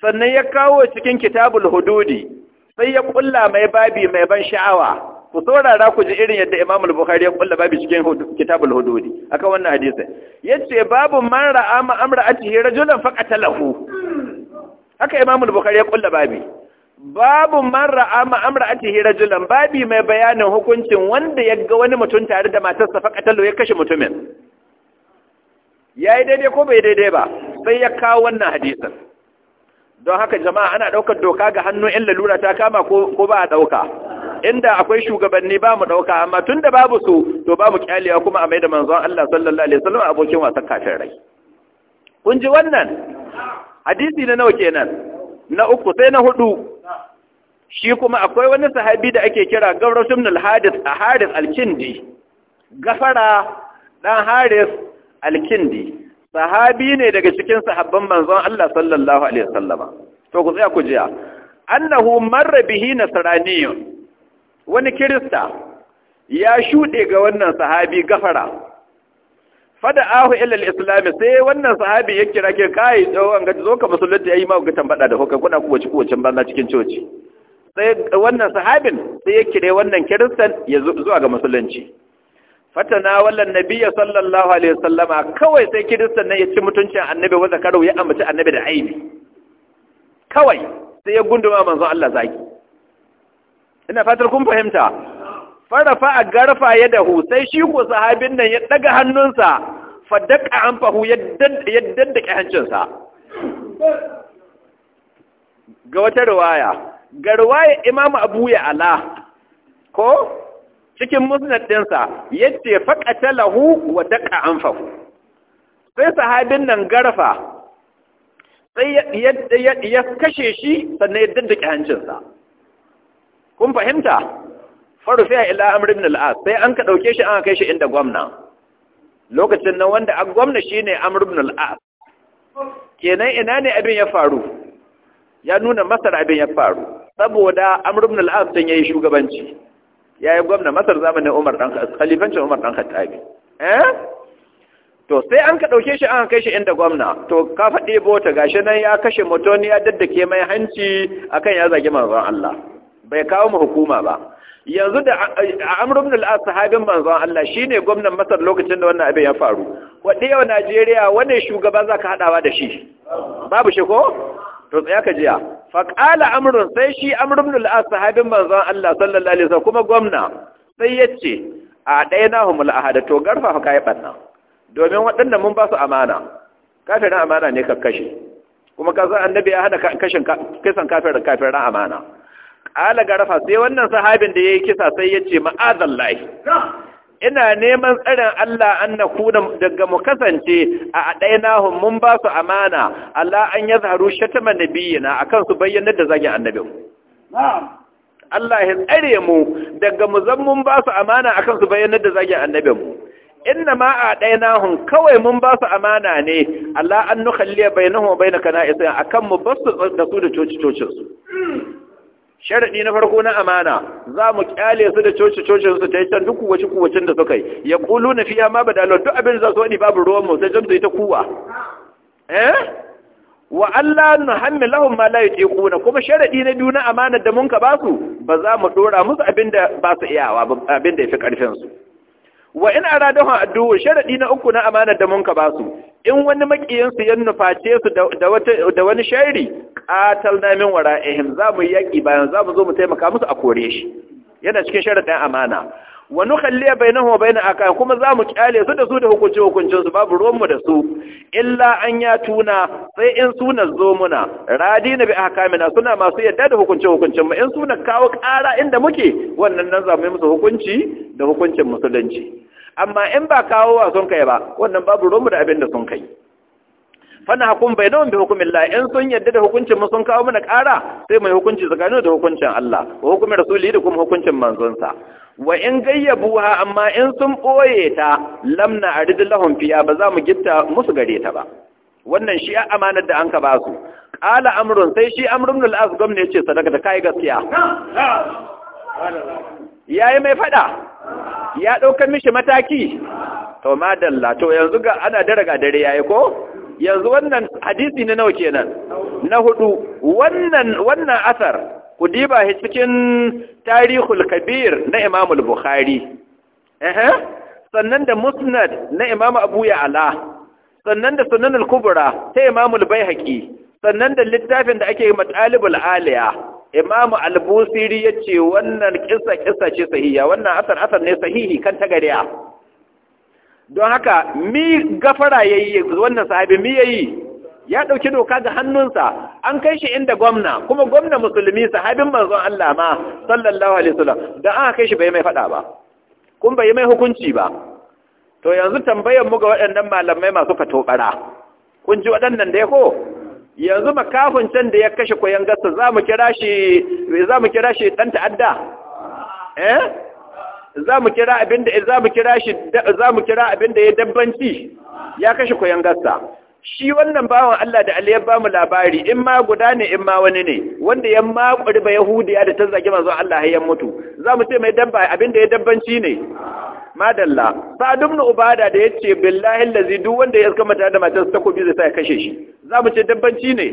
sannan ya kawo cikin kitabul hududi sai ya kulla mai babi mai ban sha'awa ku saurara ku ji irin yadda imam bukhari ya kulla babi cikin kitabul hududi aka wannan hadisi yace babu man ra'a ma atihi rajulan faqatalahu haka imam bukhari ya kulla babi babu marra amma amra ake hira julan babi mai bayanin hukuncin wanda ya ga wani mutum tare da matarsa fakatalo ya kashe mutumin ya yi daidai ko bai daidai ba sai ya kawo wannan hadisin don haka jama'a ana ɗaukar doka ga hannu in lalura ta kama ko ba a ɗauka inda akwai shugabanni ba mu ɗauka amma tun da babu su to babu kyalewa kuma a mai da Allah sallallahu alaihi wasallam abokin wasan kafin rai kun ji wannan hadisi na nawa kenan na uku sai na hudu shi kuma akwai wani sahabi da ake kira gauras ibn al-hadis a haris al-kindi gafara dan haris al-kindi sahabi ne daga cikin sahabban manzon Allah sallallahu alaihi wasallama to ku tsaya ku jiya annahu marra bihi nasraniyun wani kirista ya shude ga wannan sahabi gafara fada ahu ila al-islam sai wannan sahabi ya kira ke kai tsawon ga zo ka musulunta yayi ma ga tambada da hukunta kuna kuwaci ban na cikin coci wannan sahabin sai ya kire wannan kiristan ya zuwa ga musulunci fatana wallan nabiyya sallallahu alaihi wasallama kawai sai kiristan nan ya ci mutuncin annabi wanda karo ya ambaci annabi da aibi kawai sai ya gunduma manzon Allah zaki ina fatar kun fahimta farafa a garfa ya dahu sai shi ko sahabin nan ya daga hannunsa fadaka an fahu ya daddake hancinsa ga wata riwaya garwaya imama abu ya ala ko cikin musnad dinsa yace lahu wa daqa anfahu sai sahabin nan garfa sai ya kashe shi sannan ya daddake hancinsa kun fahimta a ila amr ibn al-as sai an ka dauke shi an kai shi inda gwamna lokacin nan wanda a gwamna shine amr ibn al-as kenan ina ne abin ya faru ya nuna masar abin ya faru saboda amr ibn al yi shugabanci, yayi shugabanci yayi gwamna masar zamanin umar dan khalifancin umar dan khattabi eh? to sai an ka dauke shi an kai shi inda gwamna to ka fadi bota gashi nan ya kashe mutoni ya daddake mai hanci akan ya zagi manzon Allah bai kawo mu hukuma ba yanzu da amr bin al sahabin manzon Allah shi ne gwamnan Masar lokacin da wannan abin ya faru wanda yau Najeriya wanne shugaba zaka haɗawa da shi babu shi ko to tsaya ka jiya faƙala amrun sai shi amrun ibn al-as sahabin manzon Allah sallallahu alaihi wasallam kuma gwamna sai yace a ɗaya na humul ahada to garfa fa kai banna domin waɗanda mun ba su amana kafirin amana ne ka kashe kuma kaza annabi ya hada kashin kisan kafir da kafirin amana ƙala garfa sai wannan sahabin da yayi kisa sai yace ma'azallahi ina neman tsarin Allah an na kuna daga mu kasance a adainahum mun ba su amana Allah an ya zaru shatama na, a su bayyana da zagin annabin Allah ya tsare mu daga mu zan mun ba su amana a su bayyana da zagin annabin mu inna ma a ɗainahun kawai mun ba su amana ne Allah an nukhalliya bainahum kana isa, a kan mu basu da su da coci cocinsu hmm. sharaɗi na farko na amana za mu kyale su da coci cocin su ta yi can duk kuwacin da suka yi ya ƙulu na fiya ma da duk abin za su wani babu ruwan mu sai jamzai ta kuwa eh wa Allah lahun ma ce kuna kuma sharaɗi na biyu na amana da mun ka ba su ba za mu ɗora musu abin da ba su iyawa abin da ya fi ƙarfinsu. wa in aradahu addu'u sharadi na uku na amanar da mun ka ba su in wani makiyansu ya nuface su da wata da wani shairi qatal na min wara'ihim za mu yaki bayan za mu zo mu taimaka musu a kore shi yana cikin sharadin amana wa nukhalliya bainahu wa baina aka kuma za mu kyale su da su da hukunci hukuncin su babu mu da su illa an ya tuna sai in suna zo muna radina bi ahkamina suna masu yadda da hukunci hukuncin mu in suna kawo ƙara inda muke wannan nan za mu yi musu hukunci da hukuncin musulunci amma in ba kawo wa sun kai ba wannan babu ruwan mu da abin da sun kai fana hukum bai nawan bi hukumin Allah in sun yadda da hukuncin mu sun kawo mana ƙara sai mai hukunci tsakanin da hukuncin Allah wa hukumin rasuli da kuma hukuncin manzonsa wa in gayyabuha amma in sun boye ta lamna aridillahum fiya ba za mu gitta musu gare ta ba wannan shi a amanar da an ka ba su Qala amrun sai shi amrun al'az gwamna ya ce sadaka da kayi gaskiya ya mai fada ya ɗaukar mishi mataki to madalla to yanzu ga ana daraga dare yayi ko yanzu wannan hadisi ne nawa kenan na hudu wannan wannan asar ku diba shi cikin tarihul kabir na Imamul al-Bukhari sannan da musnad na Imam Abu Ala, sannan da sunan al-kubra ta Imamul al-Baihaqi sannan da littafin da ake matalibul aliya Imam al-Busiri yace wannan kissa kissa ce sahiha wannan asar asar ne sahihi kan tagariya don haka mi gafara ya yi wannan sahabi mi ya yi, ya ɗauki doka ga hannunsa an kai shi inda gwamna kuma gwamna musulmi sahabin manzon Allah ma sallallahu alaihi wasallam da aka kai shi bai mai fada ba kun bai mai hukunci ba to yanzu tambayar mu ga waɗannan malamai masu bara kun ji waɗannan dai ko yanzu makafin can da ya kashe koyan gasa za kira shi za mu kira shi dan ta'adda eh za mu kira abin da za mu kira shi za mu kira abin da ya dabbanci ya kashe koyan gasta. shi wannan bawan Allah da Ali ya ba mu labari in ma guda ne in ma wani ne wanda ya makuri ba yahudiya da ta zage manzon Allah ya mutu za mu ce mai dabba abin da ya dabbanci ne madalla sa'ad ibn ubada da yace billahi allazi duk wanda ya zama tare da matar takobi zai ta kashe shi za mu ce dabbanci ne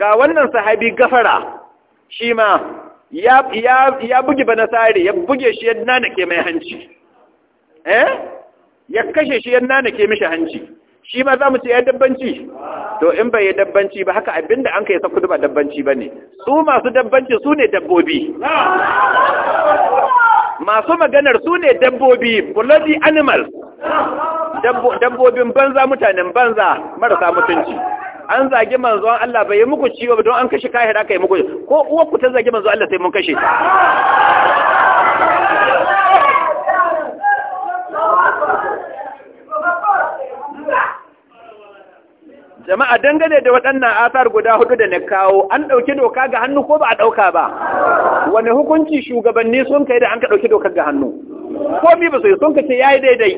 ga wannan sahabi gafara shi ma ya buge banasari ya buge shi yadda na ke mai hanci eh ya kashe shi yadda na ke mishi hanci shi ma za mu ce ya dabbanci to in bai ya dabbanci ba haka abinda an kai sakudu ba dabbanci ba ne su masu dabbanci su ne dabbobi masu maganar su ne dabbobi bloody animals dabbobin banza mutanen banza marasa mutunci an zagi manzon Allah bai yi muku ciwo don an kashe kahira aka yi muku ko uwar ku ta zagi manzon Allah sai mun kashe jama'a dangane da waɗannan asar guda hudu da na kawo an ɗauki doka ga hannu ko ba a ɗauka ba wani hukunci shugabanni sun kai da an ka ɗauki doka ga hannu ko mi ba sai sun ka ya yayi daidai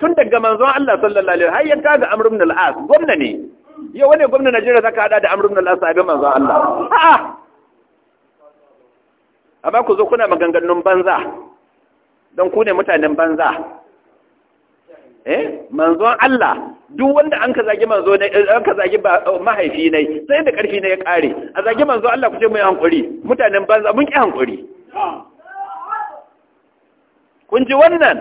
tun daga manzon Allah sallallahu alaihi har yanka ga amrun ibn al-As gwamna ne yau wani gwamnan Najeriya zaka hada da Amr Allah al-As abin manzon Allah a'a amma ku zo kuna maganganun banza don ku ne mutanen banza eh manzon Allah duk wanda an ka zagi manzo ne eh, an ka zagi eh, mahaifi ne sai da karfi ne ya kare a zagi manzo Allah ku ce yi hankuri mutanen banza mun ki hankuri kun ji wannan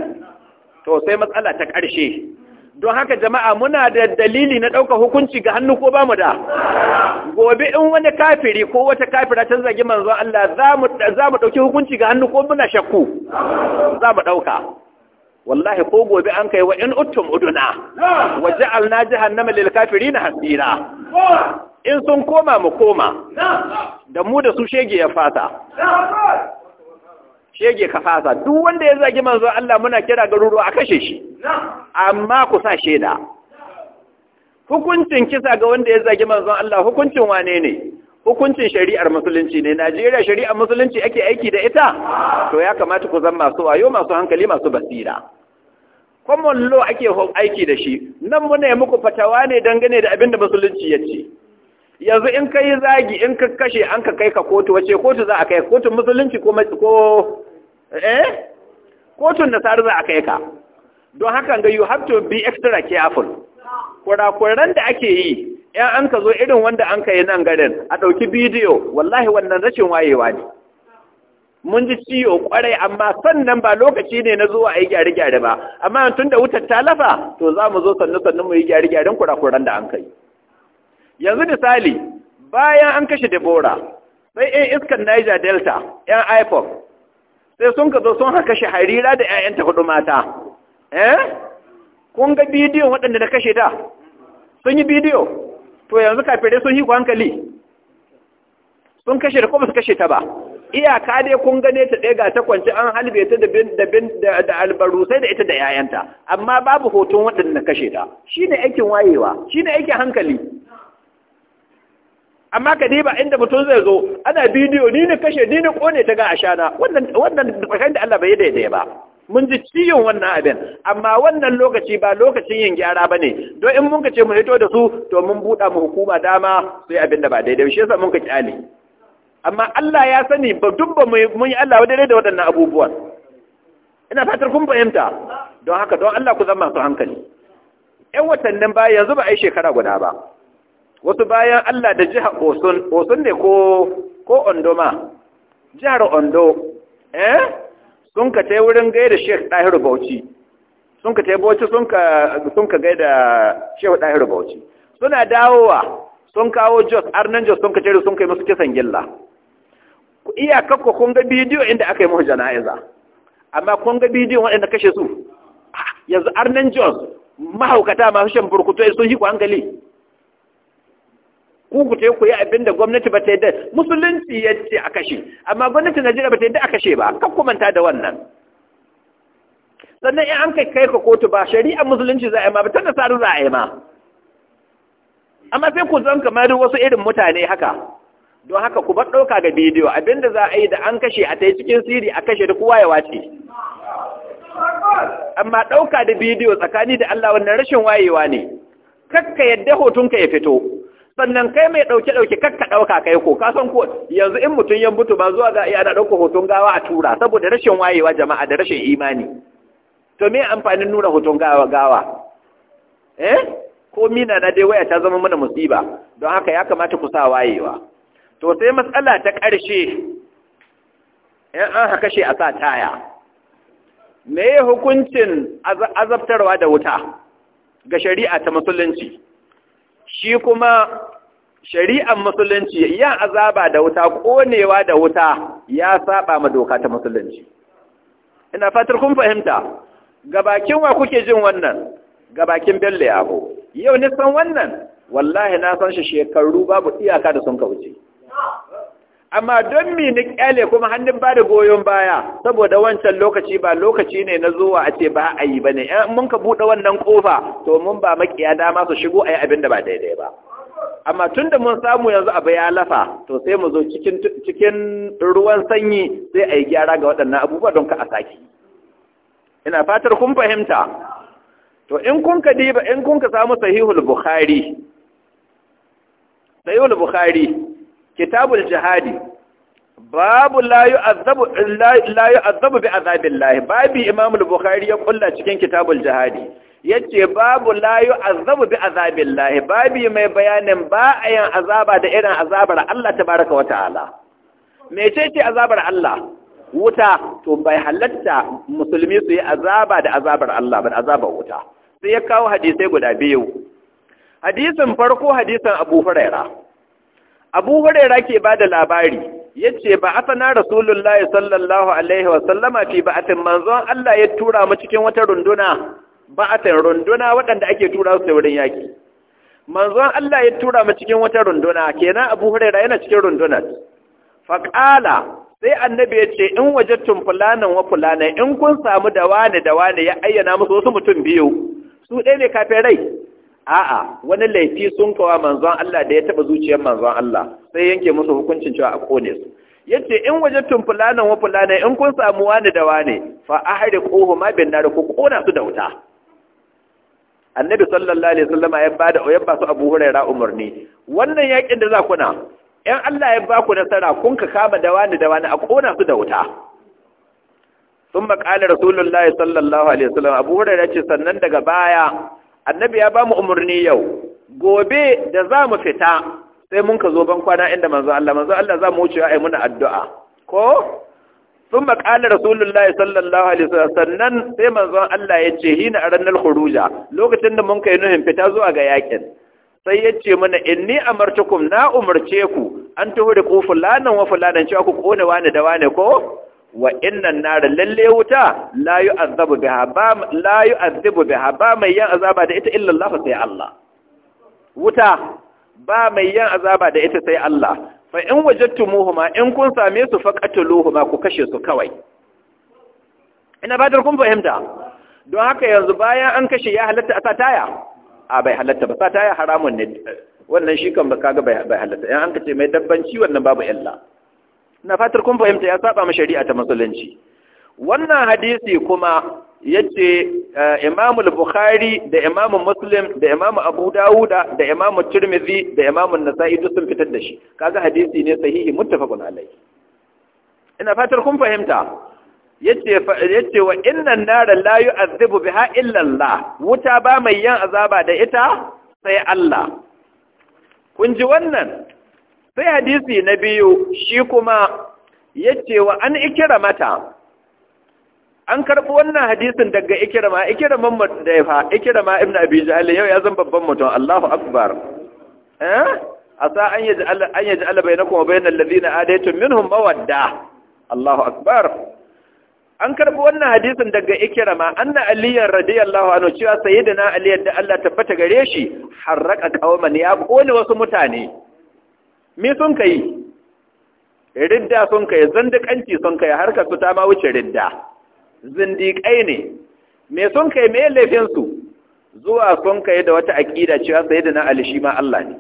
to sai matsala ta karshe don haka jama'a muna da dalili na ɗauka hukunci ga hannu ko ba mu da gobe in wani kafiri ko wata kafira can zagi manzo Allah za mu ɗauki hukunci ga hannu ko muna shakku za mu ɗauka wallahi ko gobe an kai wa in uttum uduna wa ja'alna jahannama lil kafirina hasira in sun koma mu koma da mu da su shege ya fata shege kafasa duk wanda ya zagi manzo Allah muna kira garuruwa a kashe shi amma ku sa sheda hukuncin kisa ga wanda ya zagi manzo Allah hukuncin wane ne hukuncin shari'ar musulunci ne Najeriya shari'ar musulunci ake aiki da ita to ya kamata ku zama masu wayo masu hankali masu basira common law ake aiki da shi nan muna muku fatawa ne dangane da abinda musulunci ya ce yanzu in ka yi zagi in ka kashe an ka kai ka kotu wace kotu za a kai kotun musulunci ko eh kotun da tsari za a kai ka don haka ga you have to be extra careful kurakuran da ake yi yan an ka zo irin wanda an ka yi nan garin a ɗauki bidiyo wallahi wannan rashin wayewa ne mun ji ciwo kwarai amma sannan ba lokaci ne na zuwa a yi gyare-gyare ba amma tun da wutar ta lafa to za mu zo sannu sannu mu yi gyare-gyaren kurakuran da an kai. yanzu misali bayan an kashe Debora sai 'yan iskan Niger Delta 'yan ipop sai sun ka zo sun haka kashe harira da 'ya'yanta hudu mata eh kun ga bidiyon waɗanda da kashe da sun yi bidiyo to yanzu kafirai sun yi ku hankali sun kashe da kuma su kashe ta ba iyaka dai kun gane ta ɗaya ga ta kwanci an halbe ta da albarusai da ita da yayanta amma babu hoton waɗanda kashe ta shi ne aikin wayewa shi ne aikin hankali amma ka diba inda mutum zai zo ana bidiyo ni ne kashe ni ne kone ta ga ashana wannan wannan tsakanin da Allah bai daidai ba mun ji ciyon wannan abin amma wannan lokaci ba lokacin yin gyara ba ne don in mun ce mu hito da su to mun buɗa mu hukuma dama sai abin da ba daidai shi yasa mun ka kyale amma Allah ya sani ba duk ba mun yi Allah wadai da waɗannan abubuwan ina fatar kun fahimta don haka don Allah ku zama su hankali ƴan watannin baya yanzu ba a yi shekara guda ba wasu bayan Allah da jihar Osun Osun ne ko ko Ondo ma jihar Ondo eh sun ka tai wurin gaida Sheikh Dahir Bauchi sun ka tai Bauchi sun ka gaida Sheikh Dahir Bauchi suna dawowa sun kawo Jos Arnan Jos sun ka tere sun kai musu kisan gilla iya ku kun ga bidiyo inda aka yi musu jana'iza amma kun ga bidiyo waɗanda kashe su yanzu Arnan Jos mahaukata masu shan burkutu sun yi ku hankali ku ku ku yi abin da gwamnati ba ta yi da musulunci ya ce a kashe amma gwamnatin Najeriya ba ta da a kashe ba kan ku manta da wannan sannan in an kai kai ka kotu ba shari'a musulunci za a yi ma ba ta nasaru za a yi ma amma sai ku zan kamar wasu irin mutane haka don haka ku bar ɗauka ga bidiyo abinda za a yi da an kashe a ta yi cikin siri a kashe da kowa ya wace amma ɗauka da bidiyo tsakani da Allah wannan rashin wayewa ne kakka yadda hotonka ya fito sannan kai mai ɗauke ɗauke kakka ɗauka kai ko ka san ko yanzu in mutum ya mutu ba zuwa ga iya ana ɗauka hoton gawa a tura saboda rashin wayewa jama'a da rashin imani to me amfanin nuna hoton gawa gawa eh ko mina na dai waya ta zama mana musiba don haka ya kamata ku sa wayewa to sai matsala ta ƙarshe in an haka shi a sa taya me hukuncin azabtarwa da wuta ga shari'a ta musulunci shi kuma shari'ar musulunci yin azaba da wuta konewa da wuta ya saba ma doka ta musulunci ina fatar kun fahimta gabakin wa kuke jin wannan gabakin bello yabo yau nisan wannan wallahi na san shi shekaru babu iyaka da sun wuce. amma don mi ni kyale kuma hannun ba da goyon baya saboda wancan lokaci ba lokaci ne na zuwa a ce ba a yi ba ne in eh, mun ka buɗe wannan ƙofa to mun ba makiya dama su shigo a yi abin da ba daidai ba amma tun da mun samu yanzu abu ya lafa to sai mu zo cikin ruwan sanyi sai a yi gyara ga waɗannan abubuwa don ka a saki ina fatar kun fahimta to in kun ka diba in kun ka samu sahihul bukhari sahihul bukhari kitabul jihadi babu la yu'azzabu la yu'azzabu bi babu imam bukhari ya kulla cikin kitabul jihadi yace babu layu, azabu bi azabillahi babu mai bayanin ba azaba da irin azabar Allah tabaaraka wa ta'ala mecece azabar Allah wuta to bai halatta musulmi su yi azaba da azabar Allah ba azabar wuta sai ya kawo hadisai guda biyu hadisin farko hadisin Abu Hurairah abu huraira ke ba da labari ya ce ba a sana rasulullahi sallallahu alaihi wasallama fi ba'atin manzon Allah ya tura mu cikin wata runduna runduna waɗanda ake tura su wurin yaki manzon Allah ya tura mu cikin wata runduna kenan abu huraira yana cikin rundunar faƙala sai annabi ya ce in waje fulanan wa fulanan in kun samu da wani da ya ayyana musu wasu mutum biyu su ɗaya ne kafin rai a'a wani laifi sun kawa manzon Allah da ya taba zuciyar manzon Allah sai yanke musu hukuncin cewa a kone su yace in tun fulanan wa fulana in kun samu wani da wani fa ahriquhu ma bin nar ku kona su da wuta annabi sallallahu alaihi wasallam ya bada ya ba su Abu Hurairah umarni wannan yakin da za ku na in Allah ya ba ku nasara kun ka kama da wani da wani a kona su da wuta sun maƙalar rasulullahi sallallahu alaihi wasallam abu hurairah ce sannan daga baya annabi ya ba mu umarni yau gobe da za mu fita sai mun ka zo ban kwana inda manzo Allah manzo Allah za mu wuce ai muna addu'a ko sun maƙalar rasulullahi sallallahu alaihi wasallam sannan sai manzo Allah ya ce hina a ranar khuruja lokacin da mun kai nuhin fita zuwa ga yakin sai ya ce mana inni amartukum na umarce ku an tuhu da ku fulanan wa fulanan cewa ku kone wani da wani ko wa innan nar lalle wuta la yu'azzabu biha ba la ba mai yan azaba da ita illa sai Allah wuta ba mai yan azaba da ita sai Allah fa in wajadtumuhuma in kun same su faqatuluhuma ku kashe su kawai ina badar kun fahimta don haka yanzu bayan an kashe ya halatta a sataya a bai halatta ba sataya haramun ne wannan shi kan ba kaga bai halatta in an kace mai dabbanci wannan babu illa na fatar kun fahimta ya saba ma shari'a ta musulunci wannan hadisi kuma yace eh, Imam al-Bukhari da Imam Muslim da Imam Abu Dawud, da Imam Tirmidhi da Imam nasai duk sun fitar da shi kaga hadisi ne sahihi muttafaqun alayhi ina fatar kun fahimta yace yace wa innan nar la yu'adhibu biha illa Allah wuta ba mai yan azaba da ita sai Allah kun ji wannan sai hadisi na biyu shi kuma ya cewa an ikira mata. an karɓi wannan hadisin daga ikirama ikiraman mudaifa ikirama ibn abi jahl yau ya zan babban mutum Allahu akbar eh? A sa an yaj'al an yaj'al bainakum wa bainal ladina adaytum minhum mawadda Allahu akbar an karɓi wannan hadisin daga ikirama anna aliyan radiyallahu anu cewa sayyidina ali yadda Allah tabbata gare shi harraka qauman ya kone wasu mutane me sun kai ridda sun kai zindiƙanci sun kai harkar su ta ma wuce ridda zindiƙai ne me sun kai me laifin su zuwa sun kai da wata aƙida cewa sayyidina ali shi ma Allah ne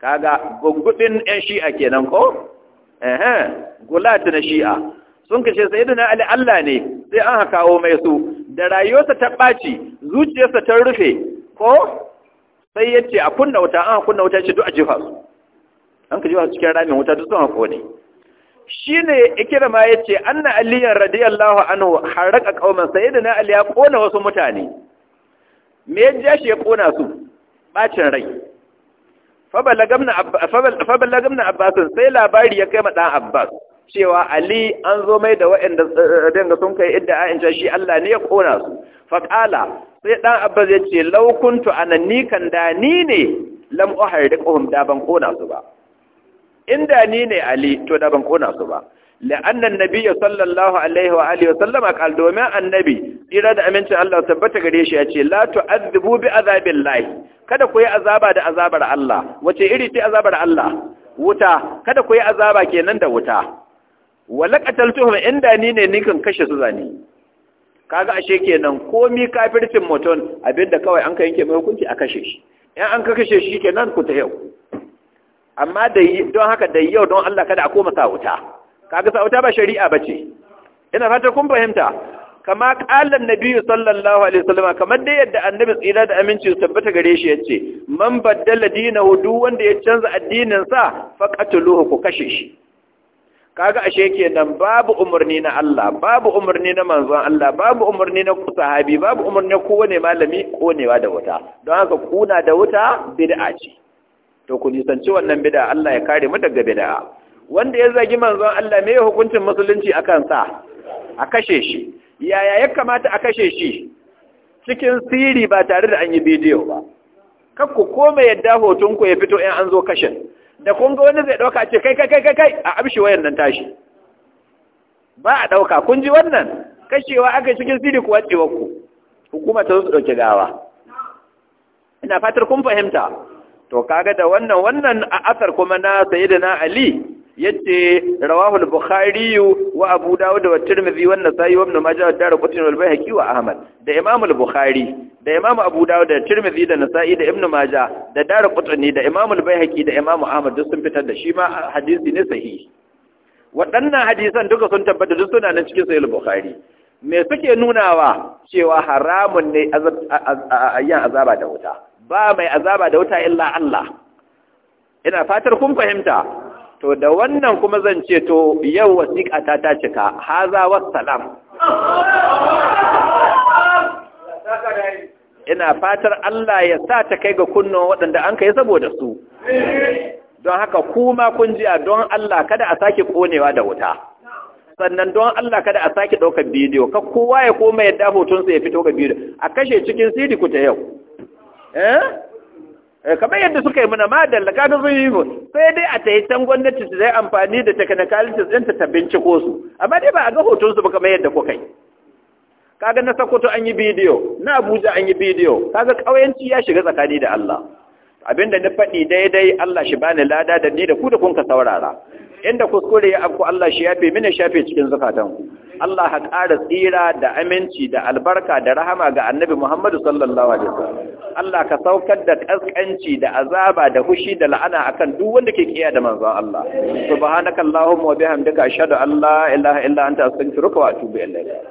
kaga gugudin yan shi'a kenan ko eh gulat na shi'a sun kace sayyidina ali Allah ne sai an kawo mai su da rayuwarsa ta ɓaci zuciyarsa ta rufe ko sai ya ce a kunna wuta an kunna wuta ce duk a jefa su an ka jefa su cikin ramin wuta duk sun hako shi ne ma ya ce an na aliyan radiyallahu anhu haraka kauman sai da na ali ya kona wasu mutane me ya ja shi ya kona su bacin rai fa balagamna abbasin sai labari ya kai ma ɗan abbas cewa Ali an zo mai da waɗanda eh, dinga sun kai idda Aisha shi Allah ne ya kona su faqala sai dan Abbas ya ce law kuntu anani kan da ni ne lam uhariqhum da ban kona su ba inda ni ne Ali to da ban kona su ba la'annan nabiyyu sallallahu alaihi wa alihi wa sallama qal domin annabi ira da amincin Allah tabbata gare shi yace la tu'adhibu bi azabillahi kada ku yi azaba da azabar Allah wace iri ce azabar Allah wuta kada ku yi azaba kenan da wuta wala qataltuhum inda ni ne nikan kashe su zani kaga ashe kenan komi kafircin mutum abinda kawai an ka yanke mai hukunci a kashe shi in an ka kashe shi kenan ku ta yau amma da don haka da yau don Allah kada a koma sauta kaga sauta ba shari'a bace ina fata kun fahimta kama qalan nabiyyu sallallahu alaihi wasallam kamar da yadda annabi tsira da aminci tabbata gare shi yace man baddala dinahu duk wanda ya canza addinin sa faqatuluhu ku kashe shi kaga ashe kenan babu umarni na Allah babu umarni na manzon Allah babu umarni na sahabi babu umarni na kowane malami konewa da wuta don haka kuna da wuta bid'a ce to ku nisanci wannan bid'a Allah ya kare mu daga bid'a wanda ya zagi manzon Allah me hukuncin musulunci akan sa a kashe shi yaya ya kamata a kashe shi cikin siri ba tare da an yi bidiyo ba kakku koma yadda ku ya fito in an zo kashin da kun wani zai ɗauka ce kai kai kai kai a amshi wayan nan tashi ba a ɗauka kun ji wannan kashewa aka cikin sidi kuwa ku hukuma ta zo ɗauki gawa ina fatar kun fahimta to kaga da wannan wannan a asar kuma na sayyidina ali Yadda rawahul bukhari wa abu dawud wa tirmidhi wa nasai wa ibn majah da rubutun wal bayhaqi wa ahmad da imam al-bukhari da imam abu dawud da tirmidhi da nasa'i da ibn majah da darqutni da imam al-bayhaqi da imam ahmad duk sun fitar da shi ma hadisi ne sahihi waɗannan hadisan duka sun tabbata duk suna nan cikin sahih al-bukhari me suke nunawa cewa haramun ne ayyan azaba da wuta ba mai azaba da wuta illa Allah ina fatar kun fahimta to da wannan kuma zan ce to yau wasiƙata ta cika haza wassalam ina fatar Allah ya sa ta kai ga kunnon waɗanda an kai saboda su don haka kuma kun jiya don Allah kada a sake konewa da wuta sannan don Allah kada a sake ɗaukar bidiyo ka kowa ya koma yadda hotunsa ya fito ga bidiyo a kashe cikin sidi ku ta yau eh Eh, kamar yadda suka yi mana madalla kaga sun yi sai dai a tayi can gwamnati su zai amfani da technicalities ɗinta ta binciko su amma dai ba a ga hoton su ba kamar yadda kuka yi kaga na Sokoto an yi bidiyo na Abuja an yi bidiyo kaga kauyanci ya shiga tsakani da Allah abinda na faɗi dai-dai Allah shi bani lada da ni da ku da kun ka saurara inda kuskure ya afku Allah shi yafe mini shafe cikin zakatan ku Allah ha ƙara tsira da aminci da albarka da rahama ga annabi Muhammadu sallallahu alaihi wasu. Allah ka saukar da ƙasƙanci da azaba da hushi da la'ana akan duk wanda ke kiyaye da manzon Allah subhanakallahumma wa bihamdika ashhadu an la ilaha illa anta astaghfiruka wa atubu